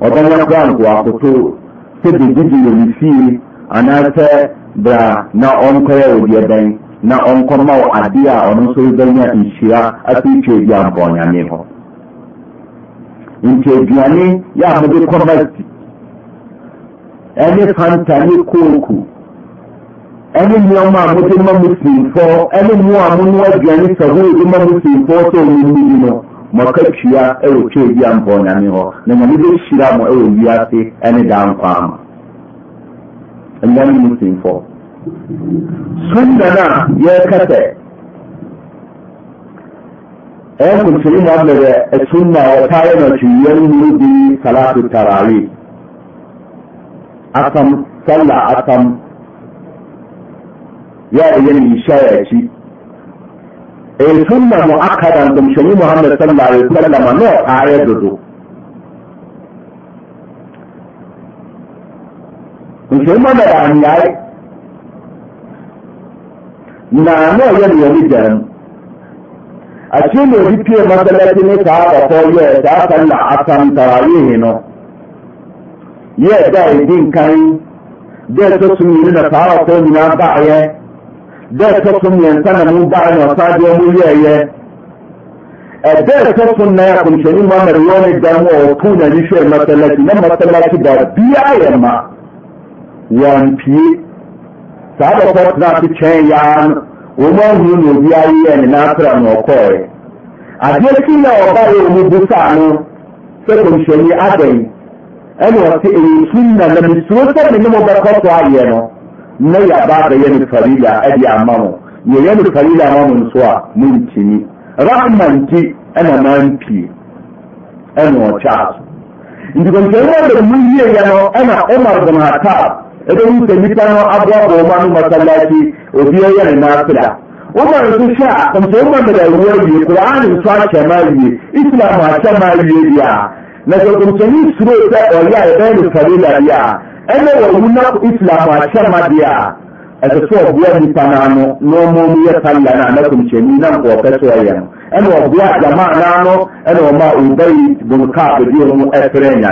ɔbɛnya franko akoto sɛ bɛgyidi wɔ ne fie anaasɛ bra na ɔnkɔyɛ wɔ deɛ na ɔnkɔma wɔ adeɛ a ɔno nso bɛnya nhyira nti ya mode kɔba si ɛne fanta ne kooku ɛne nneɛma a mode ma mu simfɔ ɛne mmoa a mono aduane sahoo de ma mu simfɔ sɛ ɔmumudi no mɔka tua ɛwɔ twa bi a mpɔ nyame hɔ na nyame bɛhyira mo ɛwɔ wiase ɛne da nkwa ama ɛnyɛ ne mu simfɔ sunna no a sɛ eyan كon شewi mhammad suna tayan s wanɗi salaة الترawيl aصam salla aصam yae yeni isaيsi ey suna makaدa cm شemi مhamaد صaلله عليه سlلam no taيadodo كon شewي مhamad aay nano yanwonida asheɛ ne ode pie masalate ne saabakɔ yɛ saasa la asam tarayehe no yɛ da ɛdinkae dɛ sɔsom yine na saabakɔɔ nyina bayɛ dɛ tɔsom yɛ sa na mo ba nɛ asandeɔmo yɛɛyɛ ɛdɛ tɔson naakomsyɛni mamadewɔne damuaɔpuu nanihwɛɛ masalati na masalate ba biaa yɛ ma wampie saabapɔɔ tenaate kyɛn yaano wòmọ́ọ̀hún ní obi ayé ẹni n'asra na ọkọ̀ Adeɛ na ɔba yɛ bu busa no sɛ kɔnhyɛni adan ɛna ɔte esu na na nsuo sɛ ne ne mo ayɛ no na yɛ aba no farida ɛde ama mo yɛyɛ no farida ama mo nso a mo ntumi rahma nti ɛna man pie ɛna nti adan mu yie yɛ no ɛna ɔmar ata idan ta yi kayan abuwa ba ma nu masallaci obiya yana nafila umar su sha kamta umar da ruwar biyu qur'anin su a shamari islam a shamari ya na ni suro ta oya ya bayan falila ya ene wa wuna islam a shamari ya ẹsẹ sọ ọbua nipa n'ano n'ọmọ mu yẹ kalla na anakunkyɛni na nkɔ ɔpɛ sɛ ɔyɛ no ɛna ɔbua jamaa n'ano ɛna ɔma obayi bunkaabe bi ɔmo ɛfrɛ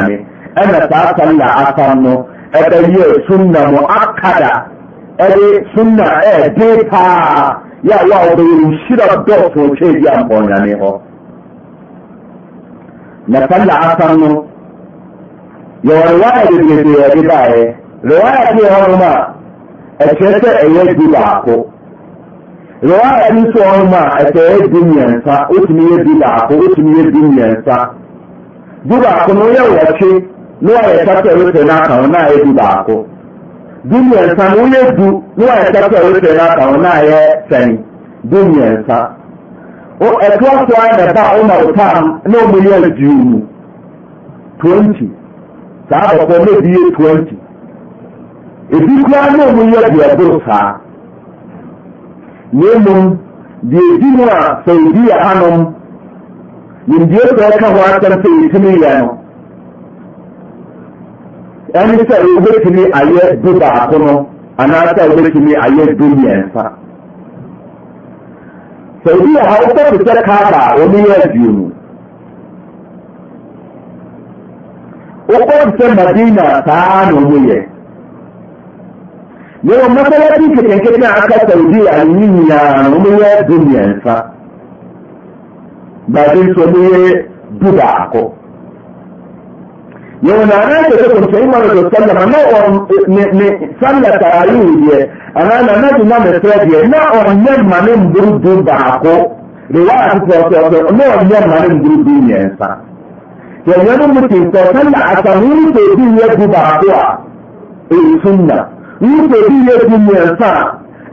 ɛbɛyɛ sunna moakada ɛde sunna ɛɛdee paaa yɛ wo ɔ bayɛmhyiradɔsoɔkwɛadi ampɔnyane hɔ na fanla asam no yɛwɔ rewia d birɛdeeyɛde baɛ rewaiade wɔroma a ɛkyerɛ sɛ ɛyɛ dur baako rewaiad nso ɔroma a ɛsɛyɛdu niɛnsa wotumi yɛdurbaako wotumi yɛ du mɛnsa durbaako no yɛwwakye n'ụwa ewefe n'aka ọ na-edu baako nsa na onye du n'aka ọ na duniya nsa o ɛtoa so a na na twenty saa na ebi twenty ebi na ɔmo yɛ deɛ na emom mu a sɛ ebi yɛ hanom nimdeɛ sɛ ɛka ho asɛm ɛne sɛ wobɛtumi ayɛ du baako no anaasɛ wobɛtumi ayɛ dur nniɛnsa saudia ha wokɔ fe sɛ karbaa o ne yɛ aduemu wokɔ fe sɛ madina saa anoo mo yɛ yɛmɔnasalati kekenkeken aka saudia ne ne nyaa o mo yɛ dur nniɛnsa baaden so ne yɛ dur baako naanakɛtekomtɛimanassallamana e salla taariediɛ ana nanadename serɛdeɛ na ɔ yɛ mane mburu du baako dewaate tsse na ɔyɛ mane mburu duu yensa tɛyane mtinsɔ salla asam wusɛdi a du baakoa sna wsɛdi a du nsa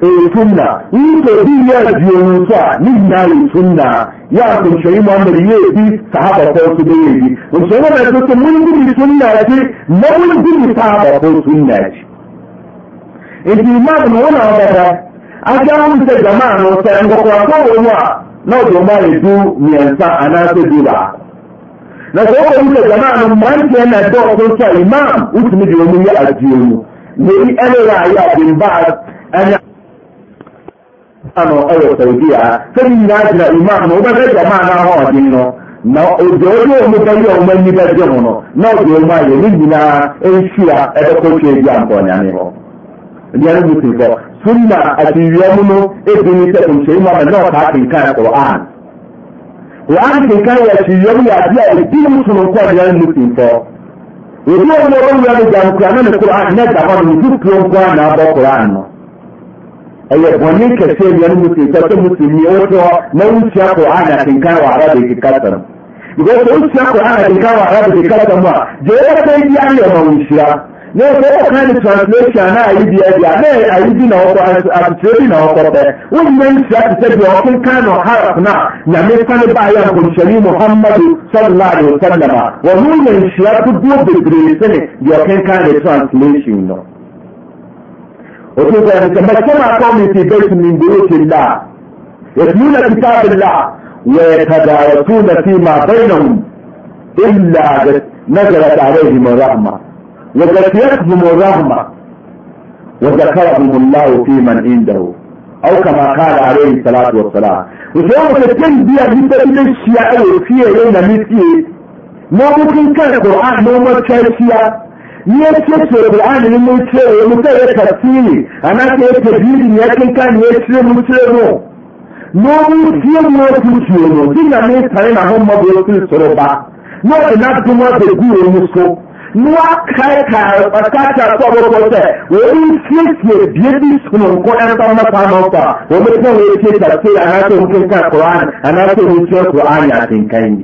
biyɛ aduo soa ne nyinayo sunnaa ya nkɔnkɛyimu amadeyɛbi sahabapɔ nso i o mondim sunna ki namondimi sahabapɔ sunna gyi nti imam no wona wobada aga wo mu sɛ gama no sɛ nkɔkrakɔwɔ mu a na odm ayɛdu nɛnsa anaasɛ du raa na sɛ wokɔmu sɛ gama no manteɛ na dɔo soa imam wotumi de ɔmyɛ aduonu i ɛnerɛyɛdembaay ama ɛwɔ saudi a sani nyinaa gyina imam no wobɛhwɛ jamaa no eh, ahoɔden no na ɔde ɔde ɔmo bɛyɛ ɔmo ani bɛgye ho no na ɔde ɔmo ayɛ ne nyinaa nhyia ɛbɛkɔ twa bi ampɔnyane hɔ nnuane mu sin fɔ sunna adewia mu no ebi ne sɛ nkyɛn mu ama na ɔtaa kenkan koran koran kenkan yɛ adewia mu yɛ adeɛ a ebi mu so no nkɔ nnuane mu sin fɔ ebi ɔmo ɔmo wura no gya nkura na ne koran ne da hɔ no ne du pio nkɔ a na abɔ koran no ɛyɛ bɔne kɛseɛuano musisɛsɛ musim i wote hɔ na wo nsua korane akenkan wɔharadekekasa mu becausewo nsua korane akenkan wɔharabekekasa mu a dya wobɛfan bine ɔma wo nhyira nasɛ wɔɔka ne translation ana ayediade na ayebiɔasekyerɛbina wokɔpɛ wonima nhyira te sɛ deɛ ɔkenkan ne ɔharaf no a na mefane bayɛ ankɔnhyɛni mohammado sal laai wasalam a wɔne ona nhyira do duo bedire sene deɛ ɔkenkan ne translation no وفي ذلك مجتمع قومي في بيت من بيوت الله يتلون كتاب الله ويتدارسون فيما بينهم إلا نزلت عليهم الرحمة وقد يكظم الرحمة وذكرهم الله في من عنده أو كما قال عليه الصلاة والسلام وسيوم تتم بيا جدا من الشيعة وفيه يوم نمسيه ما ممكن كان القرآن ما ممكن كان الشيعة ni ya ce ce Qur'ani mun ce mu sai tarfili ana ce tafsiri ya kin kan ya ce mu ce no lórí tí ó mọ ti ṣe èrò tí ìyá ní ìtàrí náà ń mọ bí ó ti sọ̀rọ̀ bá náà ìná tí wọ́n ti gún òun so níwá káàkà ọ̀káàkà tó ọ̀rọ̀ tẹ̀ orí tí ó ti èbí ẹbí sùnù nǹkan ẹ̀ńtà wọn pa náà pa omi tí wọ́n ti ṣe ìtàkì tó ń kí nǹkan kùrán ana tó ń ṣe kùrán àti nǹkan yìí.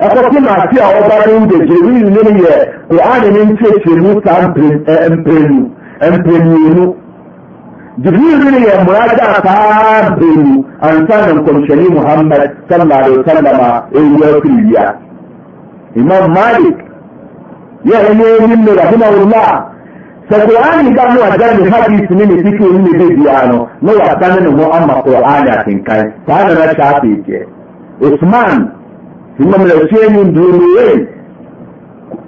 ɛkɔtɔ n'ase a ɔbaa no ndegye wili ne yɛ kur'ani ne nkyerɛkyerɛmu saa mprenu e, e, mprenuonu jibril ne yɛ mmaraja saa mprenu ansa na nkɔmhyɛni muhammad sallallahu alaihi wasallam e, a ewu afiri wia imam malik yɛ ɛyɛ enim ne rahimahullah sɛ kur'ani da mu agya ne hadith ne ne fikin ne ne bebia no na wasane ne ho ama kur'ani akenkan saa na na kyɛ afei kyɛ usman mmamlakeni duniyen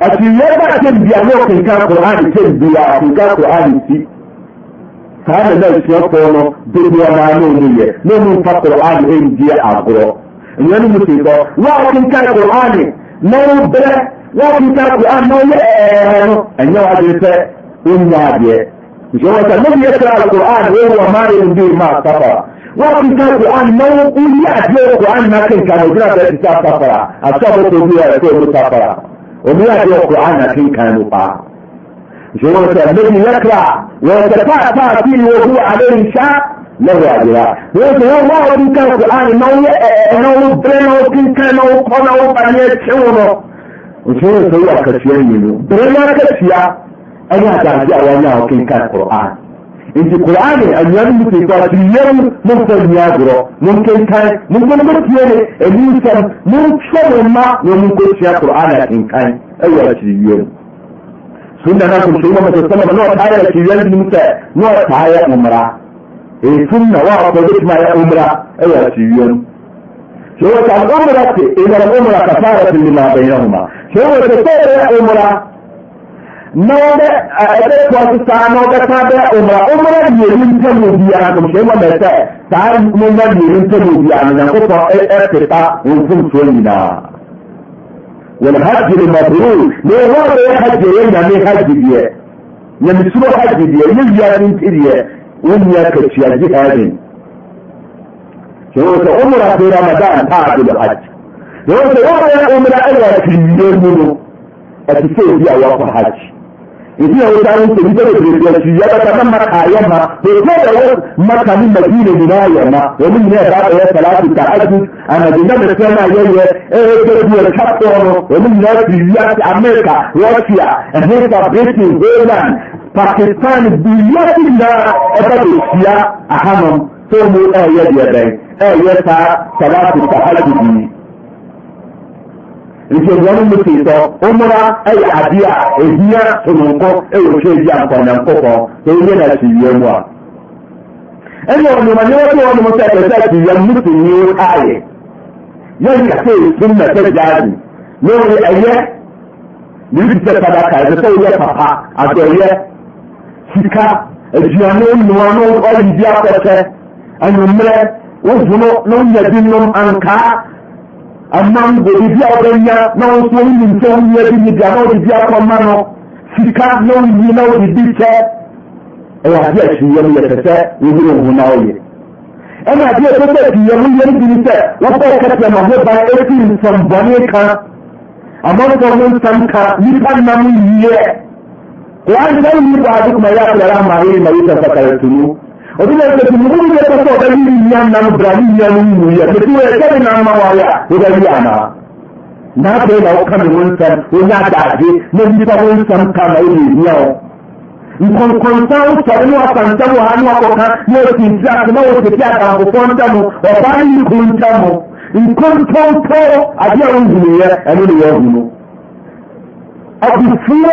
a tiye ba kin biya no kin ka qur'ani kin biya kin ka qur'ani ti kana da shi ko no biya ma no ni ye no mun ka qur'ani en biya agro yan mu ti ko wa kin ka qur'ani no bra wa kin ka anya wokenkakanenaaeɛ qrane nakenkaɛa ɛaeɛanaenka a adikra paae wh aaya aer enka qan na woɛ nwo bɛ n o kenkan n woɔ wobaneɛ kye w no ɛ wkaua i bee no akaua ɛyɛ aaenyaokenkaan nti kurane anuan tiakyiriwia mu menfanua agorɔ monkenkan monoɛtiene i nsɛm mompɛ moma namnɔsua kurane akenkan ɛwɔ akyiriwiam snnaatsalm ntaɛakyiriam sɛ na ɔtaa yɛ ommara nsmna waobɛtumi ayɛ omra ɛwɔ akyiriwiam ɛwtan mra te iam mra kaaratn ila bainahumasɛ a nawde ede koosisanoɗata ɓe umra umra yerin tamudiya ɗum ɗema mete taa muma yerin ha ji ko erteta wonfum soñina walhaji lmabrur ne waɗe hajjere ñami hajjidiye ñami suno hajjidiye ye wiyanintiriye wonniya keciya jihanin sowota umra fi ramadan taadul hajj sowota umra idan yau da wani kiri da da shi ya ta kan maka yamma to ko da wani maka min madina ne na yamma wani ne da ya salatu ta aji ana da nan da kana yayye eh ko da ka tsoro wani ne da ya ta America Russia America Britain Ireland Pakistan biyatin da aka tsiya a hanan to mu eh yadda dai eh ya ta salatu ta aji nkmɔnomo se sɔ womora ɛyɛ adeɛ a ɛhia to nonko ɛwɔ twɛbi anpɔnyam nkokɔ sɛ woyɛna atyɛ wia mu a ɛnɛ ɔnomane wotewɔnom sɛ pɛɛsɛ ati yiam mu tini kayɛ yɛka sɛ ɛsom nasa jyaade ne yɛyɛ neipisɛ padakaɛ sɛ sɛ woyɛ papa adɔyɛ sika aguane onuma n ayibiakɔkyɛ anyommmerɛ wo zo no nom nya bi nom ankaa ama gobibia wobɛnya na wo nsoo h nimsɛ ho nua bi ni bi ama wode biakɔ ma no sika na woyi na wode di kyɛ ɛwɛade ahwir am yɛpɛ sɛ wohu wohuna woyɛ ɛna adeɛ ɛkɛ sɛ tu am yam i mi sɛ wobɛkɛtea maho ban ɛti nsambɔne ka ama sɛho nsɛm ka nipa na no nhiɛ oansa wini bɔ ado kumayɛaprara amaheima wosa fakarato nu ɔiaɛtimomuno bekɔ sɛ ɔbayi enia nnam brane nia no nnuɛ mɛti wɛakɛde nama ware a woba yi anaa naatei na woka me mo nsɛm wonya adage na bisa bo nsɛm ka na onɛ nia o nkɔnkɔnsa wosɔre ne wasansɛb ha noakɔka na atinsa atoma wosɛti adamkofɔ nta mo ba ne ikro nka mo nkontɔtɔ ade a wo nhunuɛ ɛno newɔ hu no fuo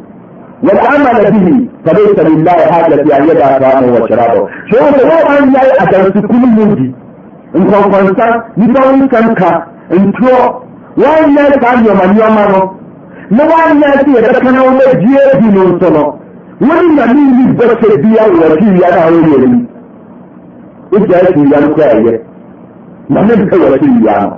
walamala bihi fa laisalilah hagati anyɛ baasaa nowɔ kyera dɔ sɛ ou sɛ wowayae adansukunu mu di nkɔnkɔnsa nnipa wo nsɛm ka ntorɔ wo nyan saa nneɔma nnoama no ne wonyan sɛ yɛbɛkana wobagyea bi no nso no wonemna me ni bɔkyɛ bia wowɔkwerwia no a woya nimu wogyae fɛr wia no koraɛyɛ na me mpɛ wafɛnewia no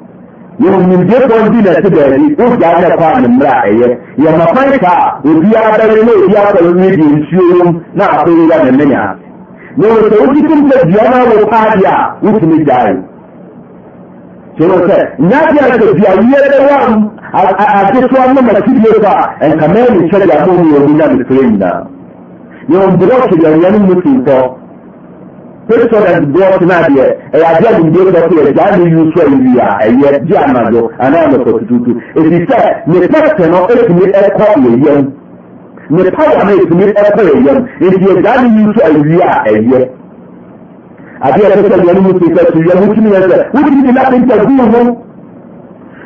ɔnimdeepɔn bi no ɛte baadi woda neɛkɔ a ne mmrɛ a ɛyɛ yɛma kwan sa a obi abay na ɔbi akɔwre biɛ nsuo wom na akoworaa ne mene ase nemu sɛ wogyi tim sɛ dua n abo paa deɛ a wotumi gyaee nkɛre sɛ nyadea sɛ duawea bɛwam age soanoma kibie fɔ a ɛnka mɛyɛ ne hyɛdea maomuɛɔ mu nya me ferɛ nyinaa neɔmborɔkyedea nyɛno mmo tumkɔ take sure that God na deɛ ɛyɛ adi a nimdeɛ bɛ kɔ yɛ gya ne yi so ayi a ɛyɛ di anadwo anaa anɔkɔ tututu ebi sɛ ne pɛsɛ no etumi ɛkɔ yɛ yɛm ne pawa no etumi ɛkɔ yɛ yɛm ebi yɛ gya ne yi so ayi a ɛyɛ adeɛ ɛsɛ sɛ yɛn mu ti sɛ ti yɛn mu ti mi yɛ sɛ wotumi di lati nta gu ho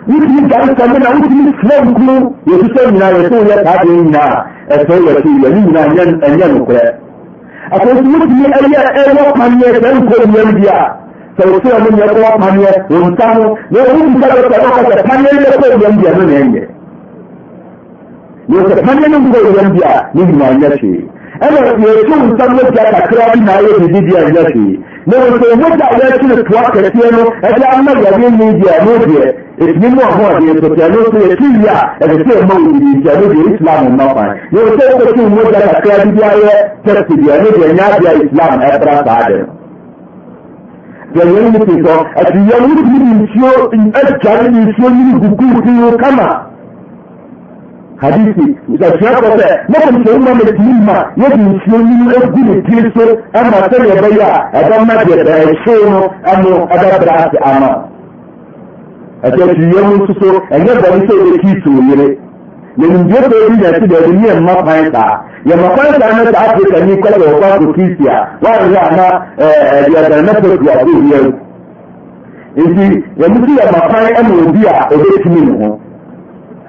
wotumi gari sɛmi na wotumi filɛ nkuru yɛ sisɛ nyinaa yɛ sɛ yɛ taa de nyinaa ɛsɛ yɛ ti yɛ ne nyinaa ɛnyɛ nokorɛ. asa wosumo tumi ɛyɛ ɛwɔ paneɛ sɛ nkɔ wia m bia sɛ wosera no neɛ ko wa paneɛ wo nta ho newobu ka dɔsɛ nɔkasɛ paneɛ no bɛkɔdia mbia no neɛnyɛ neu sɛ paneɛ ne nkɔwia m bia ne nyumanya twee ɛna yɛkyɛ wo nsa moya kakra bi naayɛ dibibi a nya see newu sɛ o mɔya wɛkyere toa kɛseɛ no ɛde ana gareɛ ni dea ɛno odeɛ ɛtumi mu ahaɔden sotɛ no so yɛkyir wie a ɛdɛ sɛ ɛma o dibi nkia no deɛ islam na kwan newu sɛ wokɔkyew mɔya kakra bi bi ayɛ test deɛ ɛno deɛ nyɛ abea islam ɛbra saa de no dɛwɛnom ti sɛ ɛtiyɛwotumi ensuo gyane me nsuo nwime gukufiio kama hadisi zafiya sɛ ne kɔni sɛ ma mɛ tini ma ne bi fiye ni e bi ne tiri so ɛ ma sɛ yɛ bɛ ya ɛ bɛ ma jɛ ɛ so no ɛnu ɛ bɛ a ma ɛ tɛ ti yɛ mu soso ɛ nyɛ bɔn so de k'i to yere yɛnudie bɛ bi na ti dɛbi ni yɛ ma pan ta yɛ ma pan ta ne ta afirika ni kɔlɔ bɛ kɔ to k'i tia wari yɛ a ma ɛɛ yɛ bɛrɛ ne a bɛ yɛ nti yɛ ti yɛ ma pan ɛna obi a o bɛ timi ne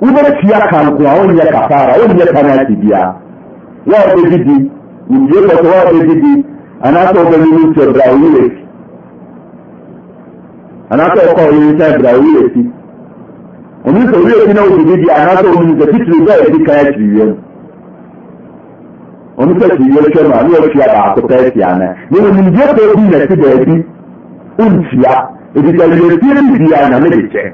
wobatua kankoa woyɛ kafar woyɛ kanetibia woɛdi i raera eɛtnɛa kitiriɛaikakirineɛkyirineabaaoienmdieɛbinati daadi wnkira ieibia naeekyɛ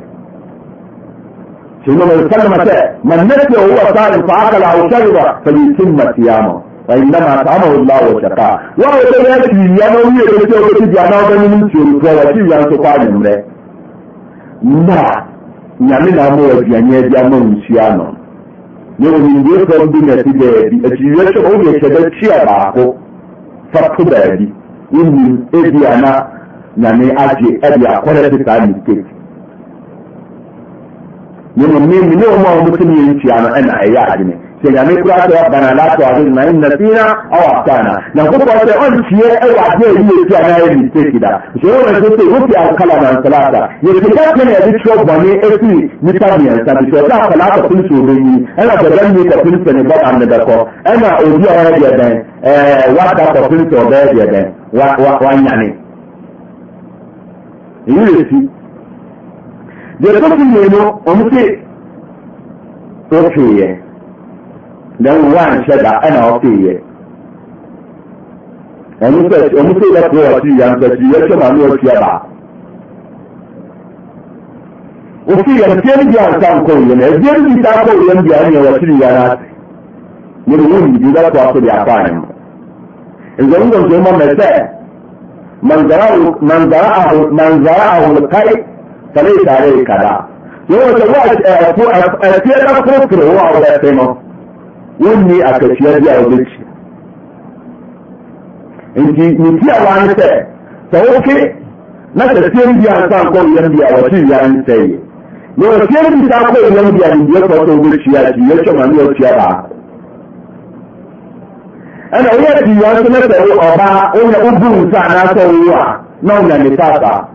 انما يتكلم شيء من نسي وهو صائم فاكل او شرب فليتم صيامه فإنما أطعمه الله وسقاه wọ́n yóò tẹ́lẹ̀ ẹ̀kì ìyanu orí èdè tí o ti di àná ọdún nínú tí o tó ọ̀rọ̀ tí ìyanu tó pààyàn rẹ̀. nà nyàmé náà mú ẹ̀dì ẹ̀yẹ ẹ̀dì àmọ́ nsí àná. ní omi ìwé sọ bí nà ẹ̀dì bẹ̀ ẹ̀dì ẹ̀dì ìwé sọ ó yẹ kẹ̀dẹ̀ tí ẹ̀ báako fàtó bẹ̀ẹ̀dì ìmú ẹ̀dì àná nyàmé àjẹ ẹ̀dì àkọ́rẹ́ ti sáà nìkéèkì. ne mu ne ne mu na ana ai ya hadine sai ga mai kura ta na inna na ko ko sai na yi ce kida sai wannan sai sai na ka esi ni ta biya bi da ba Giacomino omutì ofie dan wan hyɛda ɛna ɔfeeɛ ya sɛ ɔmo sɛ yɛpo ɔkyi yɛ nsakyi yɛhwɛ ma no ɔtua baa ofeeɛ ɛfiɛ no na ɛfiɛ no bi saa kɔ yɛ ya bi a ɛnyɛ wɔkyere yɛ no ase ne de wɔn nyidi bɛtɔ aso ma manzara ɛneaɛykaa ɛ sɛ woɛseɛ da foro tere wo a wobɛse no wonni akatua bi a wobɛkyie nti netiabane sɛ sɛ woke na sɛ siɛm biansankɔoamiaɔke ansɛyɛ ɛasiɛm bi saa kɔoamianendiɛwobɛ ɛa netabaa ɛna woyɛ te a nɛɔba w wobu sasɛ wowo a na onyane asaa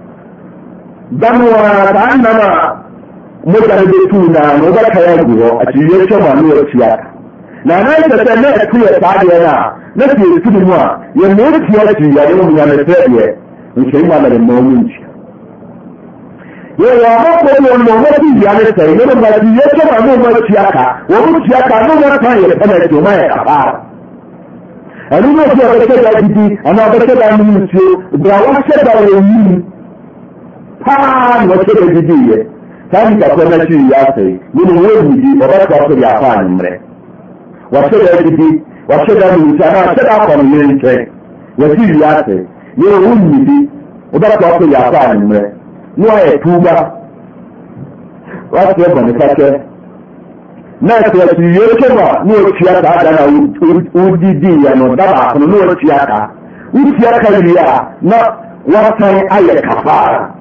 daneasaa nam a moda ne bɛtuu noa na wobɛkayɛ agu hɔ akyi iaam aneakiaka nanasɛ sɛna ɛto yɛ saadeɛ no a na ɛɛsiri mu a yɛmetia akyiyae unyame srɛdeɛ namadema nia ɔmae ia ne sɛeɛ ne kika ɔneaɛayɛ aa nɛɛi ɛo rayɛa ha notire bidii ye tanka konnakiyu yasai mini wobidi obatwakuri afani mre waseda bidi waseda munsana seda konninke ya yasai yero wummidi obatwakuri afani mre nuwaye tuba wasiye bonikake nẹẹsẹsì yìí tó ya ní otu aka adana ya yẹn no daba akono aka aka a na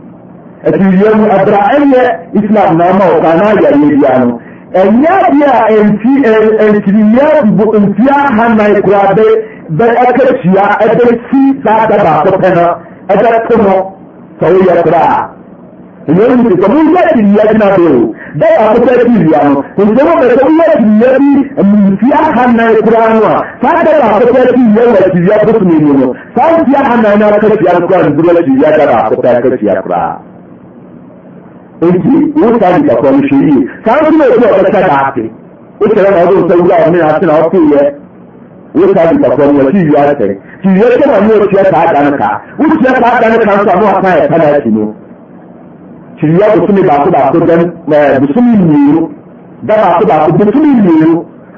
aduunyadu abraacadiya islaamnimo kanaayayediyaano enyadia enkiriyadibu ntiahanai kurabe bai aka ciya ebe si saadaba kopena ebe tono sawiya kuraa ìyẹn ti sọ fún yẹ́ẹ̀dì ìyá bí náà bẹ̀rù bẹ́ẹ̀ àkókò ẹ̀dì ìyá nù ìjọba bẹ̀rẹ̀ sọ fún yẹ́ẹ̀dì ìyá bí ẹ̀mùsí àhànà ìkura nù à sáàtẹ̀ àkókò ẹ̀dì ìyá wọ̀ ẹ̀dì ìyá tó tún ènìyàn nù sáàtì àhànà ìnáwó akẹ́kẹ̀ẹ́ àkókò àdúgbò ẹ̀dì ìyá dára àkókò akẹ́kẹ̀ẹ́ àkókò. aiaɛsakɛe o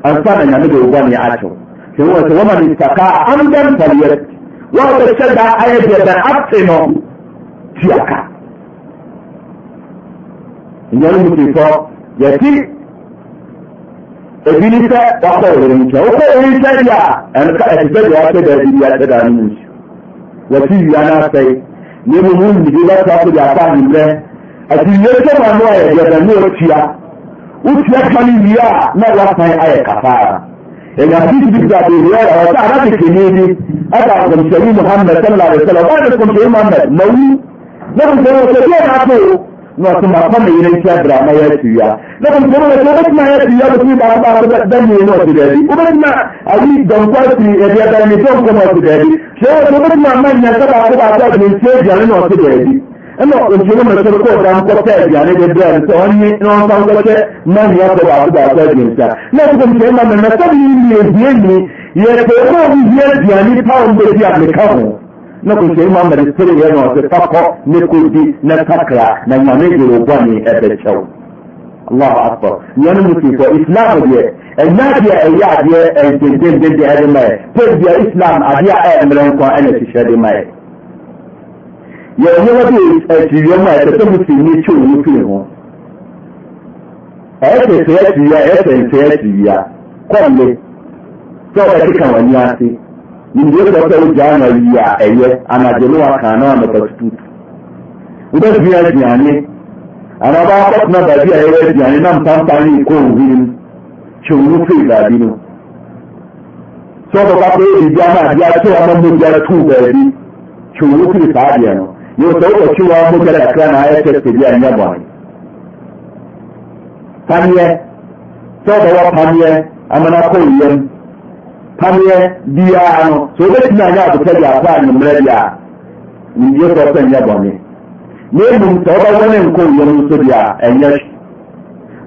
aefaa ae yat yɛte ini sɛ wakɔrk a ta at wota a ayɛ kaa aaekeni aasi mhad s a a oaane yere nkyɛ brɛ ma yatuwa ɛa ai w aiae ɔe dadi ɛoɛtmaasa baao baao aensiɛ dane neɔe daadi n kem asoro kɔankɛaane derɛɛe ankɛ maiapbaaobaao aesiaɛaasaebiani yɛtohia diane pa mɛbi aeka ho nakwishyura imana bitere yeno sitako n'ikugi n'ataka na nyamejuru gwani ebekyewo allahu akbar nyɛne musiko islam deɛ ɛnya deɛ ɛyɛ adeɛ ɛdendendende ɛde ma islam a ɛyɛ mmerɛ nkwa ɛna hyehyɛ de ma yɛ yɛwɔ nneɛma bi atiriwia mu a ɛsɛ sɛ muslimni kyew mu firi ho ɛyɛ sɛ sɛ atiriwia ɛyɛ sɛ nsɛ ya kɔnle sɛ ɔbɛde ka w'ani ndio ya eye anajelewa kana amepatututu utasivia jiani anaba akotuna na mtampani iko uhimu kyonu fe baabi no sọdọ kakọ ebi ama adi ato ama mogya tu baabi kyonu fe saa deɛ no yóò sọ wọ́n kí wọ́n mogya kakra na ayɛ tẹsí a nyɛ bɔn paneɛ sọdọ wɔ paneɛ amana kɔ yɛm hanyar biya no so da kina ya ku tabiya fa ni mrabiya ni je ko san ya bone ne mun to ba wannan ko ya mun so biya en ya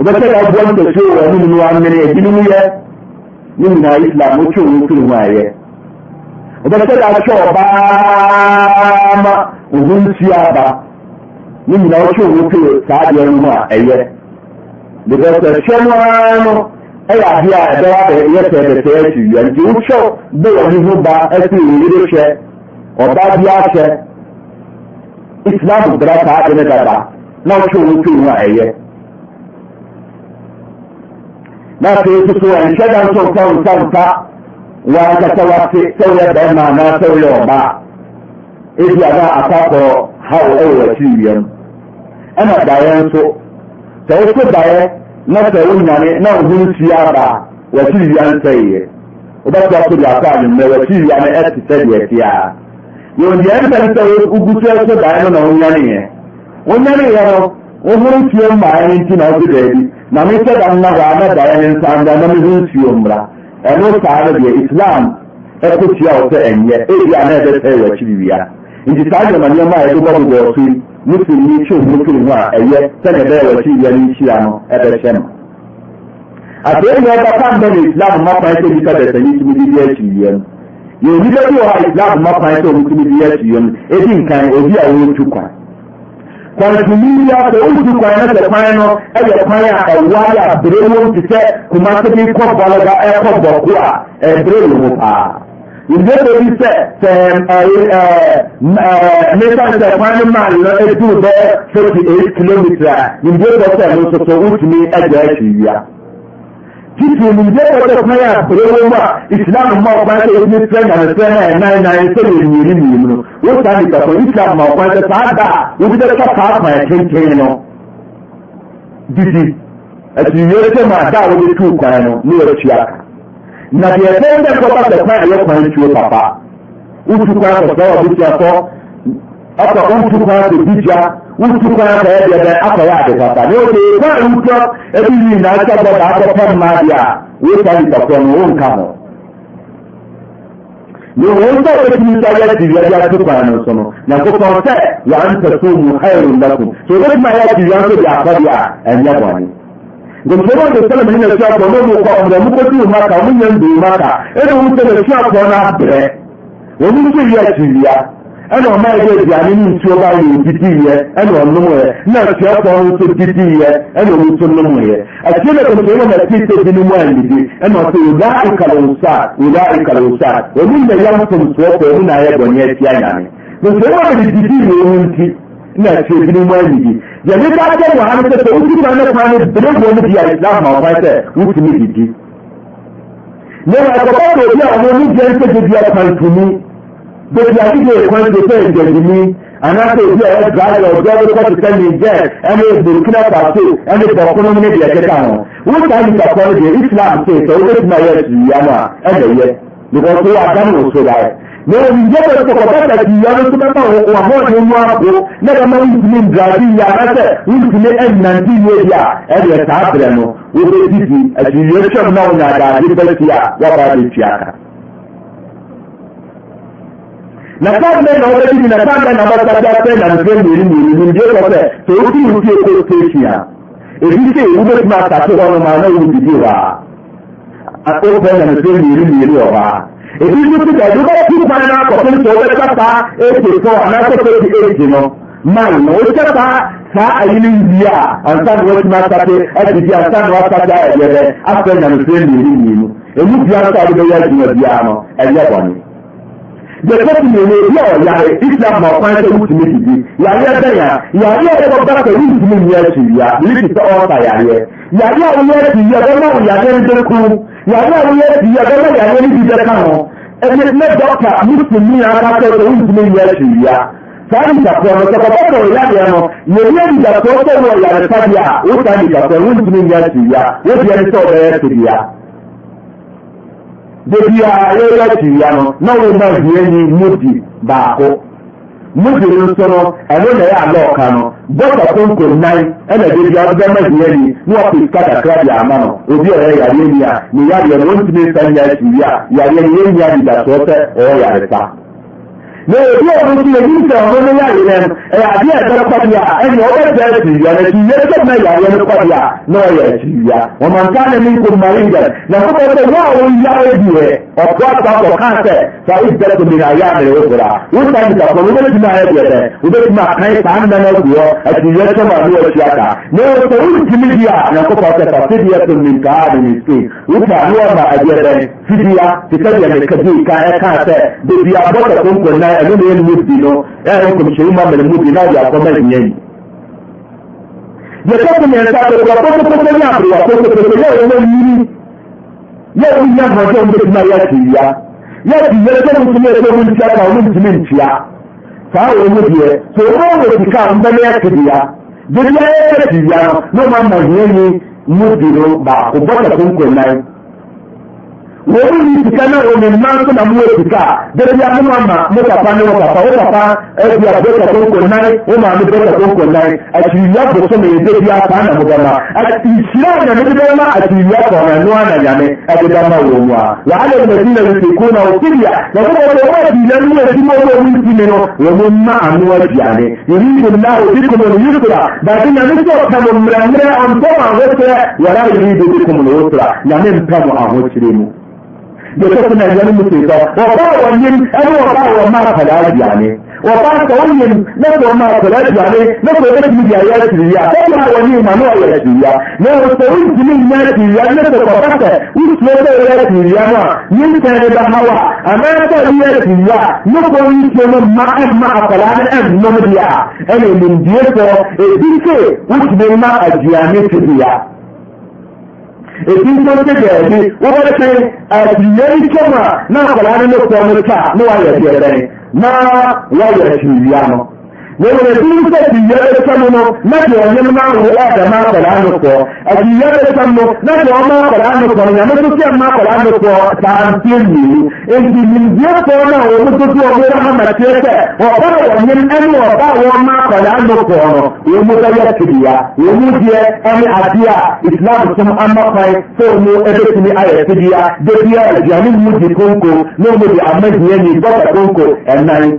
ba ta ga gwan da so wa mun nuwa mene bin mu ya yin na islam ko mun tun waye ba ta ga so ba ma ubun siya ba yin na ko mun tun sa da mu a ye daga ta shemano ɛyɛ adeɛ a ɛbɛyɛ ihe yɛ sɛ bɛtɛ akyi wia nti wotwɛ bɛyɛ ne ho ba ɛsɛ yɛyere hwɛ ɔbaa bi ahyɛ islam saa na mu a ɛyɛ na da nso nsa nsa nsa sɛ bɛrima anaa sɛ ebi a na asakɔ haw ɛwɔ ɛna nso sɛ nafta wo nyame na wo ho ntua aba wɔakyi wia nsɛeɛ wobɛtoa so baako anwummerɛ wɔakyi wia no ɛte sɛdeɛ ɛte a yɛndeɛ mpɛn sɛ wogu so dae no na wonyaneɛ wonyaneɛ no wo ho mmaa nti na wode baabi na mesɛ da nna hɔ a na dae no nsa na me ho mmra ɛno saa no deɛ islam wo sɛ ɛnyɛ ebia na ɛbɛsɛe nti saa a musulmi cin mutum a ɛyɛ sɛne ɛbɛyɛ wɔkyi yɛ no nhyia no ɛbɛhyɛ no afei na ɛbɛka mbɛ ne islam ma kwan sɛ nnipa bɛsani tumi de bi akyiriwiɛ no yɛ nnipa bi wɔ hɔ islam ma kwan sɛ ɔmutumi de bi akyiriwiɛ no ɛdi nkan obi a wɔntu kwan kwantumii a sɛ wotu kwan na sɛ kwan no ɛyɛ kwan a ɛwae a bere wom te sɛ kuma se bi kɔ bɔlɔga ɛkɔ bɔko a ɛbere wo paa ìgbésòbíṣẹ́ tẹ̀ mẹ́tàǹtẹ̀ kwanímàn lọ ẹ̀dùn bẹ́ẹ̀ fẹ́tì eight kìlómítà ìgbésòbíṣẹ́ ló tuntun ó ti ní ẹgbẹ̀ ẹ̀kì yá. títí ìgbésòbíṣẹ́ fún yà pẹ̀lú wà ìsìlámù mọ́ ọ̀pá ṣe é ní tẹ́ nàá tẹ́ náà náà náà ṣe lè yìí ní ìlú ó sá ní ìtàkùn ìsìlámù mọ́ ọ̀pá ṣe sáàdà òbí tẹ́ ká pàápàá ẹ̀ kéńkéń nọ. didi ẹ̀sìn yóò na the attendant quarter the time ayọkwa ntuo papa utukwa akọsọ ọbụsi afọ ọkọ utukwa akọ dibia utukwa akọ ẹdẹbẹ akọ ya adị papa n'oge nwaanyị ụtọ ebe na aka bọba a weta ntakwa nka na ma kontomesalomeenasuapo ne nuɔmrɛmokɔdu omaka munya mbuomaka ɛnemusɛnasua po no aberɛ ɔnu nso yiɛ atiwia ɛneɔma ɛde adiane no nsuo ba yɛ didiiɛ ɛneɔnomeɛ na suapɔ no nso didiiɛ ɛne nu nso nomɛ ateɛ ne kontom natesɛbi no mu adidi ɛnesɛ oaa kaloosa oakaloosa ɔnu na yamfomsoɔpɔ mu nayɛ bɔne afia nyame kontomamɛde didiiou nti ina ce gini maliki yanzu ta ce wa hannu ta wuce ba na kwanin bane wani biya islam ma ba ta wuce ne gidi ne wa ga ba da biya wani biya ta biya kwantumi da biya gidi kwantumi ta gidi anaasɛ obi a ɛyɛ driver ɔdi ɔdi kɔ ti sɛ niger ɛne burkina faso ɛne bɔkunu ne deɛ keka ho wotsaa nipakɔ no deɛ islam se sɛ wobɛtumi ayɛ asuyia no a ɛbɛyɛ becausewoagam no sobae meonindekɔkɔbatati yano o ama wahone ono apo na bama wontimi ndrage yanasɛ wontini nnandeɛbi a ɛneɛsaaberɛ no wobɛditi atiyia tyam na wonya adaage batia wobadetuaka na sammɛ naobadii nasaɛ nabɛaasɛ nankɛm endɛsɔsɛ tɛ wotumrtie kosia ɛfi se wobɛtumi asake hɔ noma na woudibi hɔa akókò ẹ̀yà nìkan mìírí mìírí ọ̀bá. Èyí tó ti dẹ̀ dúró kí kwan náà kọ̀ fún ìṣòwò bẹ́ẹ̀ kápá eighty four anáṣẹ́ twenty eight nọ. Máì nà ó ti kápá saa ayi ni yi a ansan wo ti ma sase ɛdi di ansan wo asase ayɛ yɛ dɛ afɛ ɛyà nìkan mìírí mìírí. Èmi bí ansa ọdún bẹ́ẹ̀ yẹ ẹdínwó bí ano ẹ̀yẹ bọ̀ni. Yẹ̀fọ́ ti mèrè ebi ọ̀ yàrá Islam ma ọ̀kan ṣe wùtí méjì bi. Yàrá yẹ bẹ́ẹ̀ yà, yàrá yẹ ẹ̀rọ bá kẹ̀ wùtí mi yẹ ẹ̀sìn yà, lílì ti sẹ́ ọ̀ọ́ta yàrá yẹ. Yàrá yẹ ọ̀yẹ́ ti yẹ ẹ̀rọ náà yàrá ẹ̀ ń dẹ́kun. yane a woyɛ kyiwia bɛnɛ yɛneɛ ne bi bɛka hɔ ɛdɛnɛ dɔkta musimniaakasɛɛ wontumi yia kyiriwia saa dika ko no sɛ kɔpɔtao yadeɛ no yenia dika koɔ sɛ wo yanefabiaa wo saa nikakoa no wontumi ya kyiriyia wodiɛn sɛ wobɛyɛ tebia debia yɛyɛ kyirwia no na wona hiani mudi baako mujiri nso no ɛno na ɛyɛ ala ɔka no bɔta konko nnan ɛna de bi abɛma deɛ ni na wapɛ sika kakra de ama no obi a ɔyɛ yareɛ ni a ne yareɛ no ɔntumi nsa nya akyi wie a yareɛ no yɛnya anidasoɔ sɛ ɔyɛ yaresa ní ojú ọdún tí èyí ìtẹ̀ ọ̀rọ̀ ní yàrá yẹn ẹ̀yà àbí ẹ̀jẹ̀ kọ́bíà ẹni ọ̀rọ̀ ẹ̀jẹ̀ ẹ̀sì yẹn ti yẹ ẹ̀jẹ̀ náà yàrá yẹn kọ́bíà náà yẹ ẹ̀sì yá wọn máa ń ká ní kó mọ̀rí jẹ nàkó bẹ́ẹ̀ bẹ́ẹ̀ wọ́n àwọn ìyá ẹ̀dì ẹ̀ ọ̀pọ̀ àtàkọ̀ káńtẹ̀ sọ ìbẹ̀rẹ̀ tó mi àyà mi ò kura wọ́n ta ìta kọ̀ wọ́n ti máa ẹ̀dì ẹ̀ wọ́n ti máa kàn ìta ńlẹ̀ náà kù yọ ẹ̀sì yẹn tó máa ní ọ̀sì àtà ní oṣù tó ń tìmí di à nàkó pàṣẹ pàṣẹ di ẹ̀sùn mi ẹ̀mí eh, eh, ecco, mi ń mú bínú ẹ̀rọ kò ṣe máa bẹ̀rẹ̀ mú bínú àjà àkọ́mọ́ ìyẹn yìí. Yẹ̀kọ́ kò mẹ̀ta pẹ̀lú àkókòkòkò ní àbúrò àkókòkòkò yóò wọ́n yí yóò wí ní àmọ́jọ́ ń bẹ̀rẹ̀ náà yàtì yá yàtì yẹ kó ń tún ẹgbẹ́ wọn ti àtà wọn ti mí nìkyà sáà wọ́n mú diẹ tó wọ́n wọ̀ kíkà ń bẹ́ náà kìdì yá bẹ̀rẹ̀ yàtì yá ló máa mọ̀ yẹn ní mú bínú báàkó bọ́tà tó ń kọ̀ náà wọ́n ní ìsìká náà wọ́n ní máa ń tó nàmú ìsìká gẹ́gẹ́ bí amúnú àmà mo pàpà ní wọn pàpà ó pàpà ẹbí àbẹ́tà tó ń kò náà ó máa ní bẹ́tà tó ń kò náà àti ya bòsó mi èdè bí apá nà mo bá ma àti ìṣirà ànyàmé bí bẹ́ẹ̀ máa àti ìyá kọ̀ ọ̀nà ní wọn ànyàmé ẹbí bá máa wọ̀ wá. wàhálà ìgbà tí ìlànà ìsìnkú náà ó ti yà lọ́kọ́ wọn wọ́n ti ilẹ̀ ní ẹ̀sìn mọ́ owó orí ti mìíràn wọ́n mú má àánú ẹ̀jì àná èyí ìgbà náà ó ti kọ́ mọ̀ ní yúrù kura bàtí nàní tí ọ̀kà mọ̀ mìíràn mìíràn ọ̀ntọ́ àwọn ọ̀tẹ̀ wàrà ìrìn ìdòdì kọ̀ mọ̀ ní wọ́n tura nàní mpẹ́ mọ̀ àwọn ọ̀tẹ̀ mu. da ta suna ganin mutu ba wa ba wannan an wa ba wa ma falajiya ne wa ba ka wannan na ko ma falajiya ne na ko da ji ya ya ji ya ko ma wani ma no ya ji ya na ko wani jinin ya ji ya na ko ba ka in ko da ya ji ya ma yin ta ne da hawa amma ta ya ji ya na ko wani ke ma ma an ma falajiya an ma diya ene min diye ko e dinke wuce ma ajiya ne ta diya ɛti nso sɛ daadi wobɛte akyiriwia n kyam a ne akaraa ne nɔkoa no ta ne woayɛ deɛ bɛn na woayɛ kyire wia no wọ́n ti ń sọ ti yẹ ẹsẹ̀ mu no láti ọ̀nyẹ́mu náà wọ ọ̀dà máa kọ̀dà ánù pọ̀ àti yẹ ẹsẹ̀ mu láti ọ̀ma kọ̀dà ánù pọ̀ nyàmé tó fi ẹ̀ma kọ̀dà ánù pọ̀ tàǹtí èyí èyí nìyẹ pọ̀ náà wọ́n tó tó ọmọ ẹ̀rọ hàmà tiẹ̀ sẹ̀ ọ̀bá ọ̀nyẹ́mu ẹni ọ̀bá wọn máa kọ̀dà ánù pọ̀ nọ wọ́n mú sọ yẹ kìdìyà wọ́n mú diẹ ẹni adìyà islam tún ama kwan tó mú ẹgbẹ́ tìmí ayẹ̀ kìdìyà dèbíyà ẹ̀dìyà ní mú di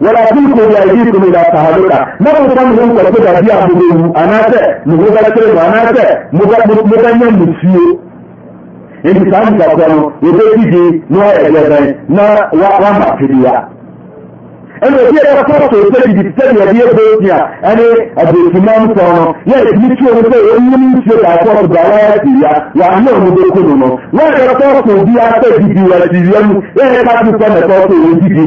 wala kun ko da yi kuma da ta haluka na ko san mun ko da biya mu mu anata mu ga da kire anata mu ga mu ga nyan mu fiyo in ka mu ka kwano ya ce dije no ya ga dai na wa wa ma fidiya ẹnu òbí ẹ̀ka sọ́kọ̀ tó tẹ́lẹ̀ ìdí tẹ́lẹ̀ ẹ̀bí ẹ̀bẹ̀ òkìyà ẹni àbẹ̀tì máa ń sọ ọ̀nà yẹ ìdí tí òun pé òun ní ṣe kàkọ́ ọgbà wáyà sí ìyá wà ní òun ló kó nù nù wọ́n ẹ̀ka sọ́kọ̀ òbí afẹ́ ìdí ìwà ìdí ìyẹnu yẹ ẹ̀ka tó sọ mẹ́tọ́ tó òun dídí.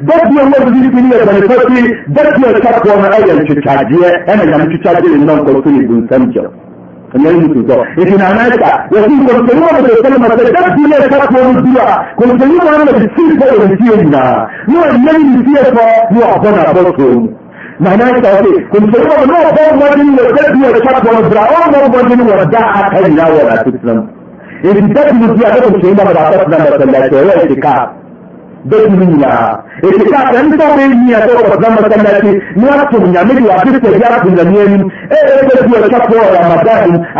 dɔbia wɔdidi bi ne yɛ bɛnipa fi dɔbia sapoɔ no ɛyɛ ntwitwadeɛ ɛna nyame twitwadeɛ ne nam kɔlɔso ne bunsam gyɛ ɛnyɛ mutu sɔ nti na anaasa wɔsi nkɔmsɛni wa bɛtɛ sɛlɛm sɛ dɔbia sapoɔ no bi a kɔmsɛni wa no bɛtɛ si sɛ wɔn fie nyinaa ne wɔn nyɛ ne fie sɔ ne wɔn bɔ na bɔ so mu na anaasa wɔsi kɔmsɛni wa no wɔn bɔ mmɔden wɔ dɔbia sapoɔ no bra wɔn bɔ mmɔden wɔ da aka nyinaa wɔ na asetena mu nti dɔbia bi a dɔbia sapoɔ no bra wɔn bɔ mmɔden wɔ da aka nyinaa wɔ na asetena mu uyina ekikakɛnsɔmeyatɔtnamasalati nwasʋmnyad wabisɛbi aʋnya ɛdiacakramadadu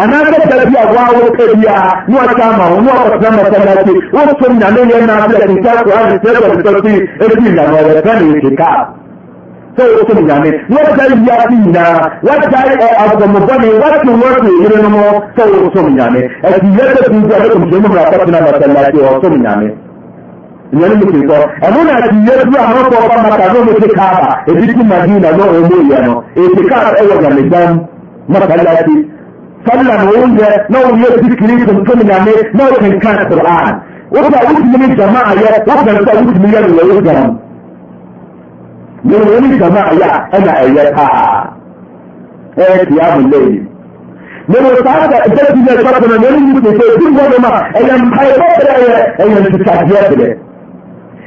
anakaabiaaw kɛbia nacama ɔtnamasalati ʋsʋmnyaeyɛnalatikɛdeɔse ɛanekka ʋnya aayafiyina waaaɔmbn wattʋyern sɛwsʋnya ɛitnamasalatsnya t madin ɛed qran tne a ayp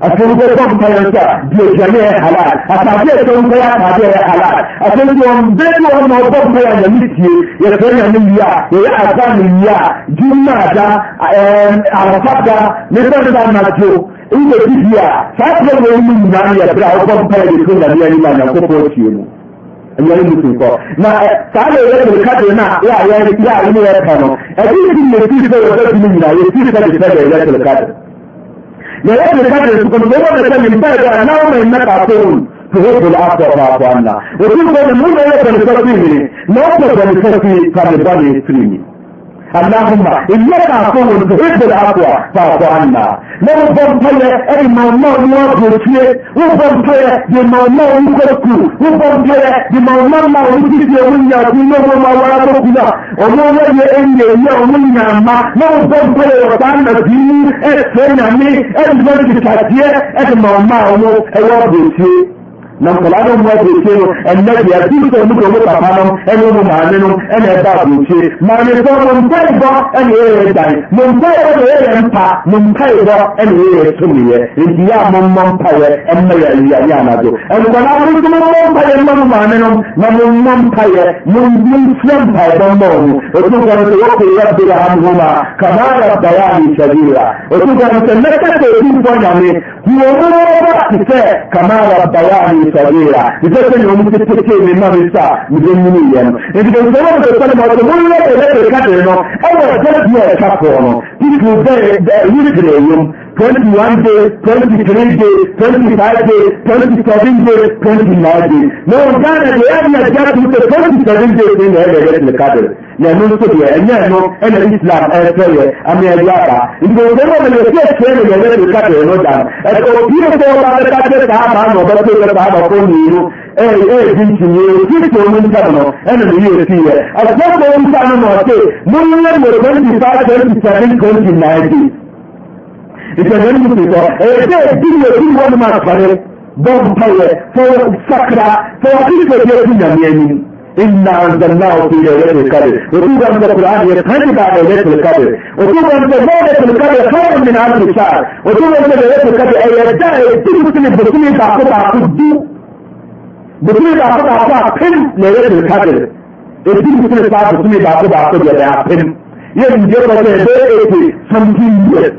asin ko ko bayanta biyo jame halal atabe ko ko ya tabe halal asin ko be ko mo ko bayanta miti ya tanya min ya ya azan ya jumma da arafata ne da da na jo in da biya fa ko ne min na ya bra ko bayanta ko da ya ni na ko ko ci mu ẹ̀yẹ́rì mi sùn kọ́. Na sáàlì ẹ̀rẹ́ mi káàdì náà yà á yẹ ẹ̀rẹ́ mi yẹ ẹ̀ka nọ. Ẹ̀dí ìdí mi ti fi fẹ́ yọ̀ fẹ́ fi mi yìnbọn yẹ ti fi fẹ́ fi fẹ́ yọ̀ ẹ̀rẹ́ mi káàdì. لأن كانت تكون ضمن من بعد أنهم إنك عطول تهب العفو والعفو عنا وكل من هنا يكون يستطيعني لا يكون يستطيع كان يبالي يستطيعني اللهم إنك عفو تحب العفو فاعف عنا lọ́wọ́ bọ́n tọ́lẹ̀ ẹni màá náà ní wọ́n bò tiẹ̀ wọ́n bọ́n tọ́lẹ̀ di màá náà ní kọ́ kù wọ́n bọ́n tọ́lẹ̀ di màá náà máa wọ́n ti di ẹ̀wọ̀n yà kú lọ́wọ́ máa wọ́n ará tó kúlà ọ̀wọ́ wọ́n yẹ ẹni ẹ̀yẹ ọ̀wọ́n yà má lọ́wọ́ bọ́n tọ́lẹ̀ ọ̀tá nà bí ní ẹ̀fẹ́ nà mí ẹni bọ́n ti kàdíẹ́ ẹni màá náà wọ́n ẹ̀wọ́ bò tiẹ̀. na nkwalado mmadụ eke ụ emebi ya tupu omuke omepapanụ ẹni ọmọ màánínú ẹni ẹba àbòkye màánì sọ mo nta ìbọ ẹni ẹ yẹ dan mo nta ìbọ ẹni ẹ yẹ mpa mo nta ìbọ ẹni ẹ yẹ tó mi yẹ nti yà mo mọ mpa yẹ ẹmẹ yẹ ẹyẹ ní ànájọ nkwalado nso mo mọ mpa yẹ mọ mo màánínú na mo mọ mpa yẹ mo nbi nfẹ mpa ẹbọ mbọ ọmọ otu nkwalado sọ wọ́pọ̀ yẹ bẹ̀rẹ̀ àmúhó ma kàmá yà bàyà àmì ìṣẹ̀lẹ̀ yà otu nkwalado sọ mẹ́tẹ́tẹ̀ èdè nfọ nyàmé wọ́n mọ́ صغيرة بذلك يوم تتكي من مرسا مدنيا إذا كنت تقول لك أنا ما تقول لك أنا كاتب أنا أول ثلاث مرات كاتب أنا تقول لك أنا يرجع يوم Twenty twenty one day, 21 days, 23 days, 25 days, 27 days, 29 days. No, God, at the end of God, with the 27 days in the head of the cattle. Yeah, no, so yeah, and yeah, no, and the Islam, and so yeah, I mean, yeah, if you go over the first train in the head of the cattle, no doubt. And so, people go about the cattle, the half hour, but they go about the phone, you know, eh, eh, jinchi, you know, six to one seven, and the USC, yeah. I just don't know, I say, no, no, no, 25, 27, 29 days. إذا الشيطان الدنيا كل وانا ما أصغره ضرب طوية فوق السكرة فوق كل الدنيا ميامين إنا أنزلناه في ليلة القدر وطوبى أنت القرآن يتهدد على ليلة القدر وطوبى أنت ليلة القدر خير من ألف شهر وطوبى أنت ليلة القدر أي يدعي تلك بطيئة تعقطع قدو بطيئة تعقطع تعقم ليلة القدر الدين بطيئة تعقطع بطيئة تعقطع قدو يا عقم يجب أن يكون هذا سمجين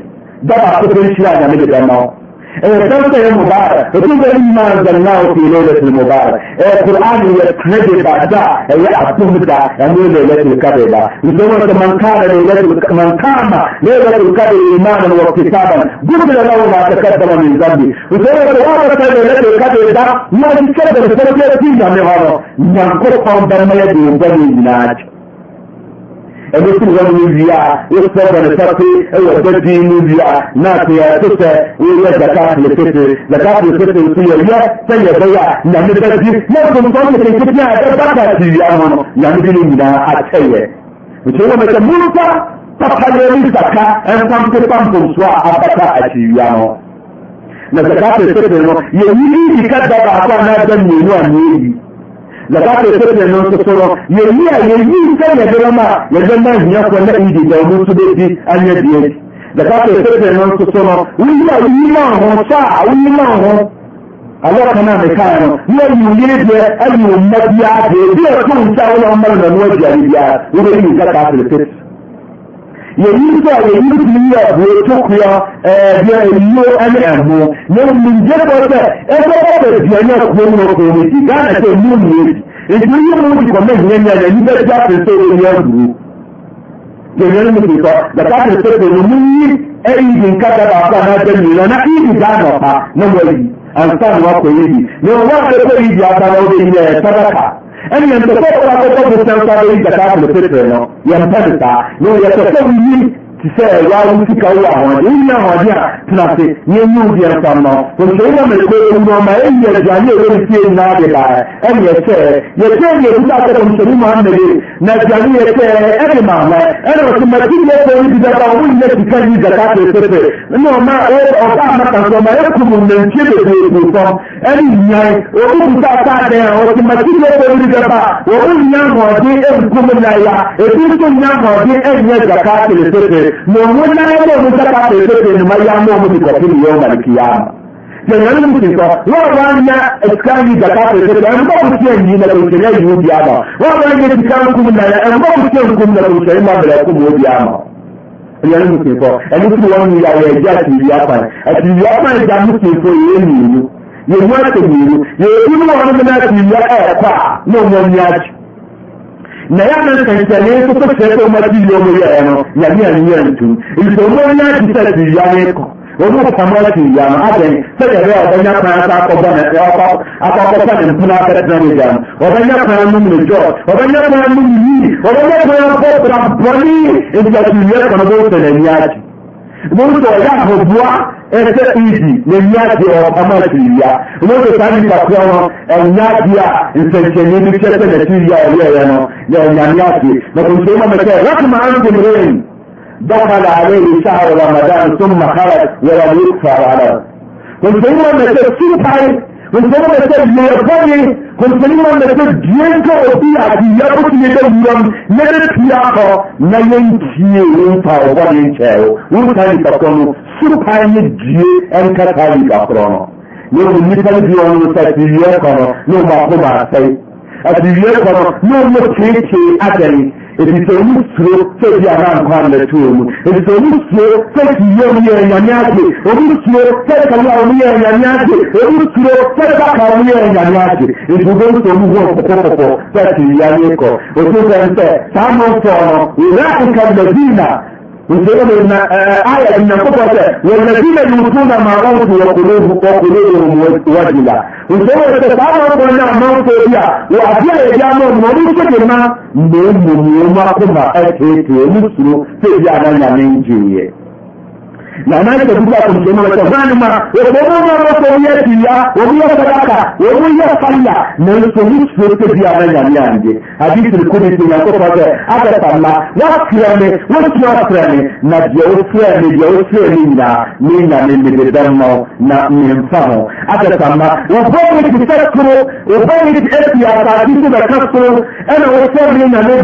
دفع صفر إسلام نبي دماؤه تلك يوم مبارك وتنزل ما انزلناه في ليله المبارك القران يتنجي بعدها هي اعطوهمك من ليله القدر يقول من كان ليله من كان ليله القدر ايمانا واكتسابا قبل له ما تقدم من ذنبه يقول وارث ليله القدر ده ما يتكلم في سنه 30 يا مهاره ينقصهم بما يدين بني ناجي ɛnosiriamo no wie a wo sɛ bɔne sate ɛwɔ dadi no wiea na te ɛse sɛ woyɛ zakafle kete tzakaflɛ sete nso yɛwia sɛ yɛbɔyɛ a name badi na domsoketenkepe aɛbata akye wia no no name de no nyinaa akyɛyɛ nkɛ wɔ mɛsɛ mosa papaleɛni saka mfamte pa domso a abata akye wia no na tsakafle sete no yɛnini yi kadabaakɔa naada mienu aneɛyi zakata ya fita nan su soro ya yi ya yi kan ya gura ma ya zan nan ya kwanda idi da mu su bi an ya biye zakata ya fita nan su soro wani ya yi ma ho sa wani ma ho Allah kana mai kaya no ya yi ne da ayi umma biya da biya kun ta wani amma da nuwa biya biya wani ne zakata ya fita yeis yeitiatok ɛem iepɛ ɛataiaye nae n aaa aapm ɛdi kaandainaidi ganpa i ansanai krdi leaaka أن ينتفق رقبه تنصر إذا كان بفكرنا ينتفق ويتفق ti sɛ ɛwaawu sika wo ahoɔden ɛnyɛ ahoɔden a tena se yɛnyi wo deɛ nsam no wɔhyɛ yi na mɛkɔ ewu no ɔma ɛyɛ aduane a ɛwɔ fie nyinaa de baa ɛneɛ sɛ yɛsɛ deɛ ɛbusa sɛ kɔmsɛni muhammed na aduane yɛsɛ ɛde maama ɛne wɔsɛ mati deɛ ɛsɛ yi bi dɛ ba wo nyɛ sika yi zaka te pepe ɛne ɔma ɔba ama ka so ɔma ɛkum nantie bebree gu fam ɛne nyan obi busa ataade a wɔsɛ mati deɛ ɛsɛ yi bi dɛ ba domin na yi domin saka da ya ce ne mariya mu mu ka fi yau da kiyama jannan mu ke so wa ba na iskani da ka ce da an ba ku ce ni na ku ne yi biya ba wa ba ne ki kan ku na an ba ku ce ku na ku ce ma da ku mu biya ma jannan mu ke so an ku wani ya ya ja ki biya fa a ki biya fa da mu ke so yi ni ni ye mu ta ni ye ku mu wani na ki biya fa na ya nan kankane su kuka sai ko mafi yomo ya yano ya ni an yi an tu iso mo na ti sa ti ya ne e ko o mo ka mo ti ya ma abe se ya re o nya pa ta ko ba na ya ko aka ko pa ne puna ka ta ne ya o ba nya pa mu ne jo o ba nya pa mu ni o ba nya pa ko ta boni e ya ti ya lóòótọ́ ọ̀yá àbọ̀bùá ẹsẹ̀ ìdì lẹ́yìn àti ọ̀rọ̀ pamọ́ àti ìyá lóòótọ́ sáà nípa pé wọn ẹ̀yìn àti à ìfẹ̀jẹ̀ ní ibi tẹ́tẹ́ lẹ́ sí ìyá ọ̀rẹ́ rẹ̀ nọ ní ọ̀yà ní àti lọ́kùn tó mọ̀ mẹ́tẹ́ láti máa ń dùn rẹ̀ دخل عليه شهر رمضان ثم خرج ولم يكفر عليه. كنت هو مثل سوبر كنت هو مثل ليقضي ɔnsaniwannɛ sɛ due nka obi ake ya bɔ timi ka wurɔ no ne dɛ pia kɔ na yɛnkie wo mpa obɔne nkyɛɛwo wonu taa nyikakorɔ no so paa nyɛ due ɛnka taa nyi ka korɔ no ne mu nisane di wɔno no sɛ te wi ɔkɔ no ne omakomaasɛe asiwie kɔno nomo kekeɩ adɛ edisɛ omu turo sɛdianankɔannɛtomu edisɛ musuro sɛtiyemyɛ nyamake omuturo sɛkaamyɛnyamae omuturo sɛdebakamyɛnyameake ntudonsɛmuukopokopɔ sɛtirianekɔ otosɛn sɛ saamonsɔno elaika lazina we i e ya utona m ur a okolou kolooila ke aa ụe anat ti a ụ adịgha eji aụna ọbụrụhena e ụmụnaụmụaụa k k onye usoro tebi ana ya na ya. na nani katika kumsema cha zalima wabona wasovieti ya wabuya sadaka wabuya salla na somi sote bia nanya nyange hadithi likuni tuna kwa hata na jeusirame jeusirame nina nina nimebedamo na mmemfamo hata salla wabona kitakuru wabona kitakuru ya taadiku na kasuru ana wasirame na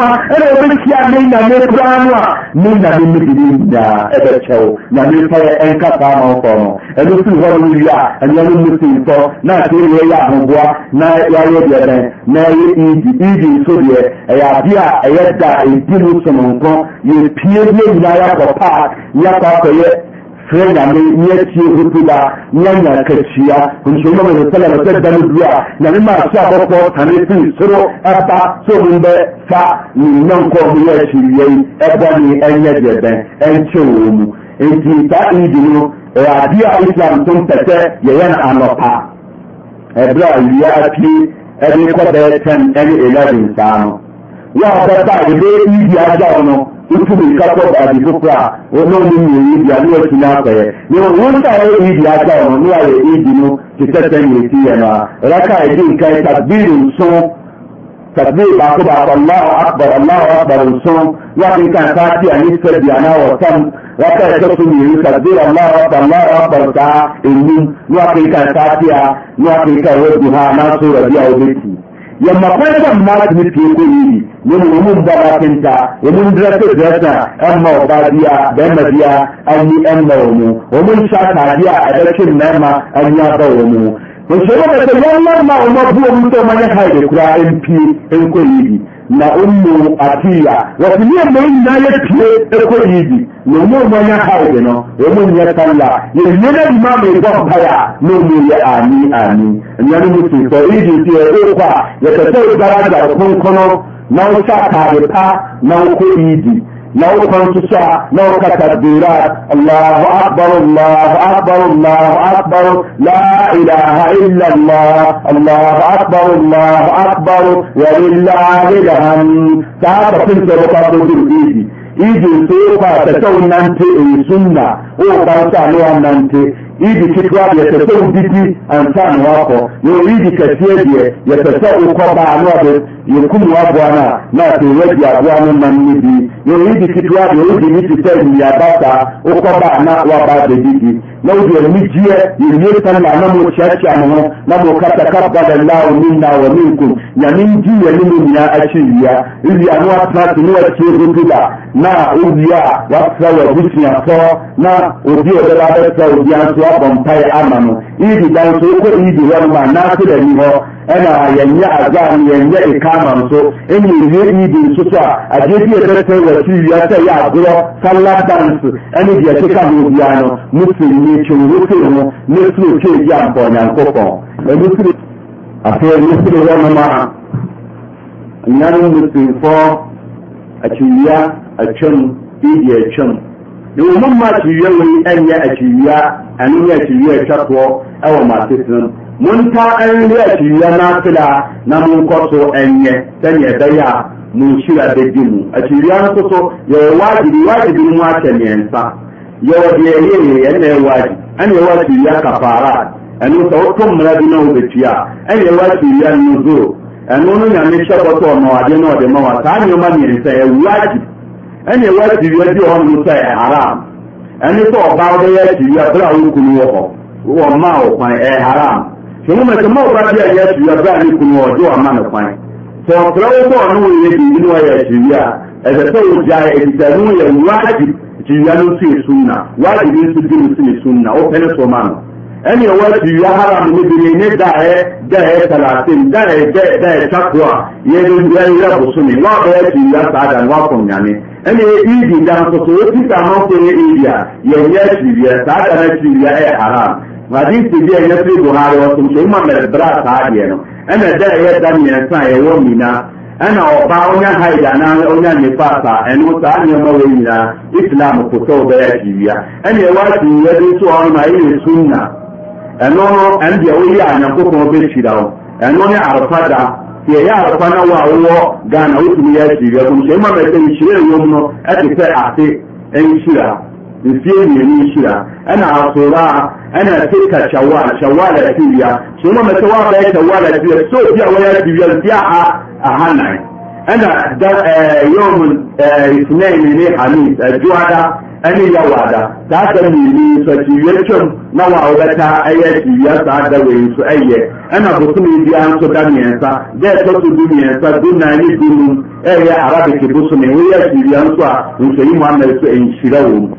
fa ɛna wɔbɛhyia ne nyame koraa no a ne nyame no bi nyinaa ɛbɛkyɛw nyame pɛyɛ ɛnka saa ma wokɔ no ɛno firi hɔ no wie a ɛnoano mu nsɔ na afei ne yɛyɛ ahoboa na yɛayɛ deɛ bɛn na ɛyɛ idi idi nso deɛ ɛyɛ adeɛ a ɛyɛ da ɛdi no sononko yɛpie ne nyinaa yɛakɔ paa yɛakɔ akɔyɛ sai ga mai ya ce hutuba yanya kaciya kun shi mai da sallama ta da duwa na ma sha bako tare tin suro apa so mun da fa ni nan ko mu ya ci yayi e ba ni an ya je ben en ce wo mu en ti ta idino e adia islam tun tete ya yana anopa e bra ya ati e ni ko da 10 and 11 sano ya ba ta ile idi aja ono ikiri kakọ adidokwa onye nyere ibi adị otu n'afọ ya nwata ya ibi aka ọ nụ ya ibi nụ kitete n'eti ya na raka edi nke takbiri nso takbiri baako baako allahu akbar allahu akbar nso ya dị nka nka ati anyị sebi ana wọtam raka ẹsẹsọ mìíràn takbiri allahu akbar allahu akbar a enu ya dị nka nka ati ya ya dị nka ewe bi ha n'asọ rabi a obeti yɛmma kwo sɛ mema atene pie kɔ yiibi nomu wɔ mu mbɔ baapentaa wɔmu ndrɛse drɛs a mma obabia bɛma bia ai mma wɔ mu wɔmu nhyɛ kaadeɛ a ɛbɛtwem na ma anyi aba wɔ mu nhyɛ mɛ mɛsɛ yɛmma mma wɔma buo mu tɛ ɔmayɛ haide koraa mpii nkɔyiibi na ummu atiya watumie mwini nayetie eko hivi nomumanya haide no emunya talla yenyena imama egwapaya nomuye ani ani nyane mutu so idi ti ekwa yekete ibaraja konkono na usa kare pa na uko idi لو كنت شاء لو كتبيرات الله أكبر الله أكبر الله أكبر لا إله إلا الله الله أكبر الله أكبر ولله الحمد تعالى تنسى وتعالى تنسى iji so ba ta tau nan te e sunna o ba ta lo nan te iji ti kwa ya ta tau didi an san wa ko yo iji ka tie die ya ta tau ko ba no de yòókùn wà bọ̀ àná náà tó ìwé di àbúrò àná nà níbi yòó yìí di fitwa yòó di ní ti sẹ́ ìyá bàtà ókọ́ bá àná wà bá bèbí bi náà ó di ẹ̀mí jíẹ́ yòó yẹ sàn náà náà mo kyẹ́ kyẹ́ àná wọn náà mo kàtà ká balẹ̀ láwọn mi nà wọ́n mi nkùn yàmi jí yẹn ní mi nìyà akyè wia ìwì àná wà tẹ̀lé àti ní wà tiẹ̀ dundun dà náà ó wia wà tẹ̀lé wà bí tìyà náà òbí ọ̀dọ́ ana yanya azan yanya ikaman e so in yi zai idin su sa a jefi ya tattar ya ta yi aguro sallar dansu ẹni diẹ ti ka mi biya no musulmi ti wo ti mu ne su ke yi abọ nyankopɔ ẹni siri afe ẹni siri wọn ma nyanu musulfɔ akyiwia atwam idi atwam na wɔn mu ma akyiwia wɔ yi ɛnyɛ akyiwia ɛno nyɛ akyiwia atwa toɔ ɛwɔ ma tete no. mun ta an riya ya na mun kwaso enye sanya daya mun shira da jinu a shirya na kwaso ya wajibi wajibi wace ne yansa ya e e e waje ya yi ya ne waji an ya waji ya kafara anu sautin muradi na ubaciya an ya waji ya nuzo ya ne ma waje na waje mawa ta an ma ne sai ya waji an ya waji ya ji wa sai haram an yi ba da ya ji ya bra ko ma haram kyɛnmu sɛ mmaa ɔba bi a yɛ asi yɛ bra ne kunu ɔde ɔma no kwan sɛ ɔsrɛ wo bɔɔ no wɔ yɛ biribi ne wɔyɛ akyiwi a ɛsɛ sɛ wogya ɛfisɛ no yɛ waagye kyiwia no nso yɛ sum na waagye bi nso bi no nso yɛ sum na wopɛ ne so ma no ɛne ɛwɔ akyiwia haram no bi ne da ɛ da ɛ talatin da ɛ da da ɛ tako a yɛde yɛyɛ bosome waabɛyɛ akyiwia saa da no wakɔ nyame ɛne ɛdi da nso so wosi saa amanfoɔ yɛ ɛdi a yɛnyɛ akyiwia saa ti no akyiwia ɛyɛ haram aesibiɛafirigohare iarɛsaade no ɛndayɛ a niɛsaɛɔmina ɛna ɔba ya daya nepas ɛnosaa eɔyia islamosɛoɛɛ akyiwia ɛnɛwɔayiwi ɛ sna ɛnowoyiyankpɔn bɛtira ɛnone arfada ɛarfanwowawouaywɛnyirɛɛenyiryirso ana tilka shawala shawala da tibiya su ma mai wa ba shawala da tibiya so biya wa ya tibiya biya a a hannaye ana da yawon isnaini ne da juwada ani ya wada ta ta mi ni so ti yechem na wa oga ta aye ti ya sa da we su aye ana bo tumi bi an so da mi sa de to to du mi sa du na ni du mu e arabi ki bo so mi we ya ti ya so a nso yi mu an na en shirawo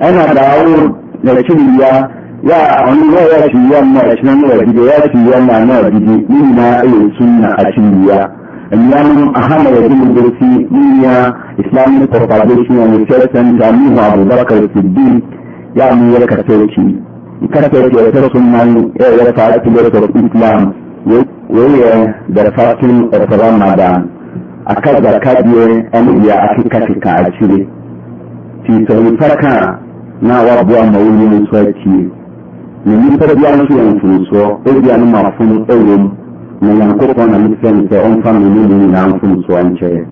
ana na da ya ya a wani ya ya shi ya ma shi nan ya bide ya shi ya ma na bide ni na ayo sunna a cikin ya Imam Ahmad bin Bursi ya Islamic Propagation and Research Center Abu Bakar Siddiq ya mu ya kasance كانت دراسة من رفعت دراسة الإسلام وهي دراسات رفضان مدان أكاد أكاد أن يأتيك في كعشري في سوي فرقا na waboa ma wonye no so atie na nnipa bi ahwe yɛ mfomsoɔ ebia no mafom ɛwɔ mu na nyankopɔn na mefɛ no sɛ ɔmfa me ne mu nyinaa mfomsoɔ nkyɛɛ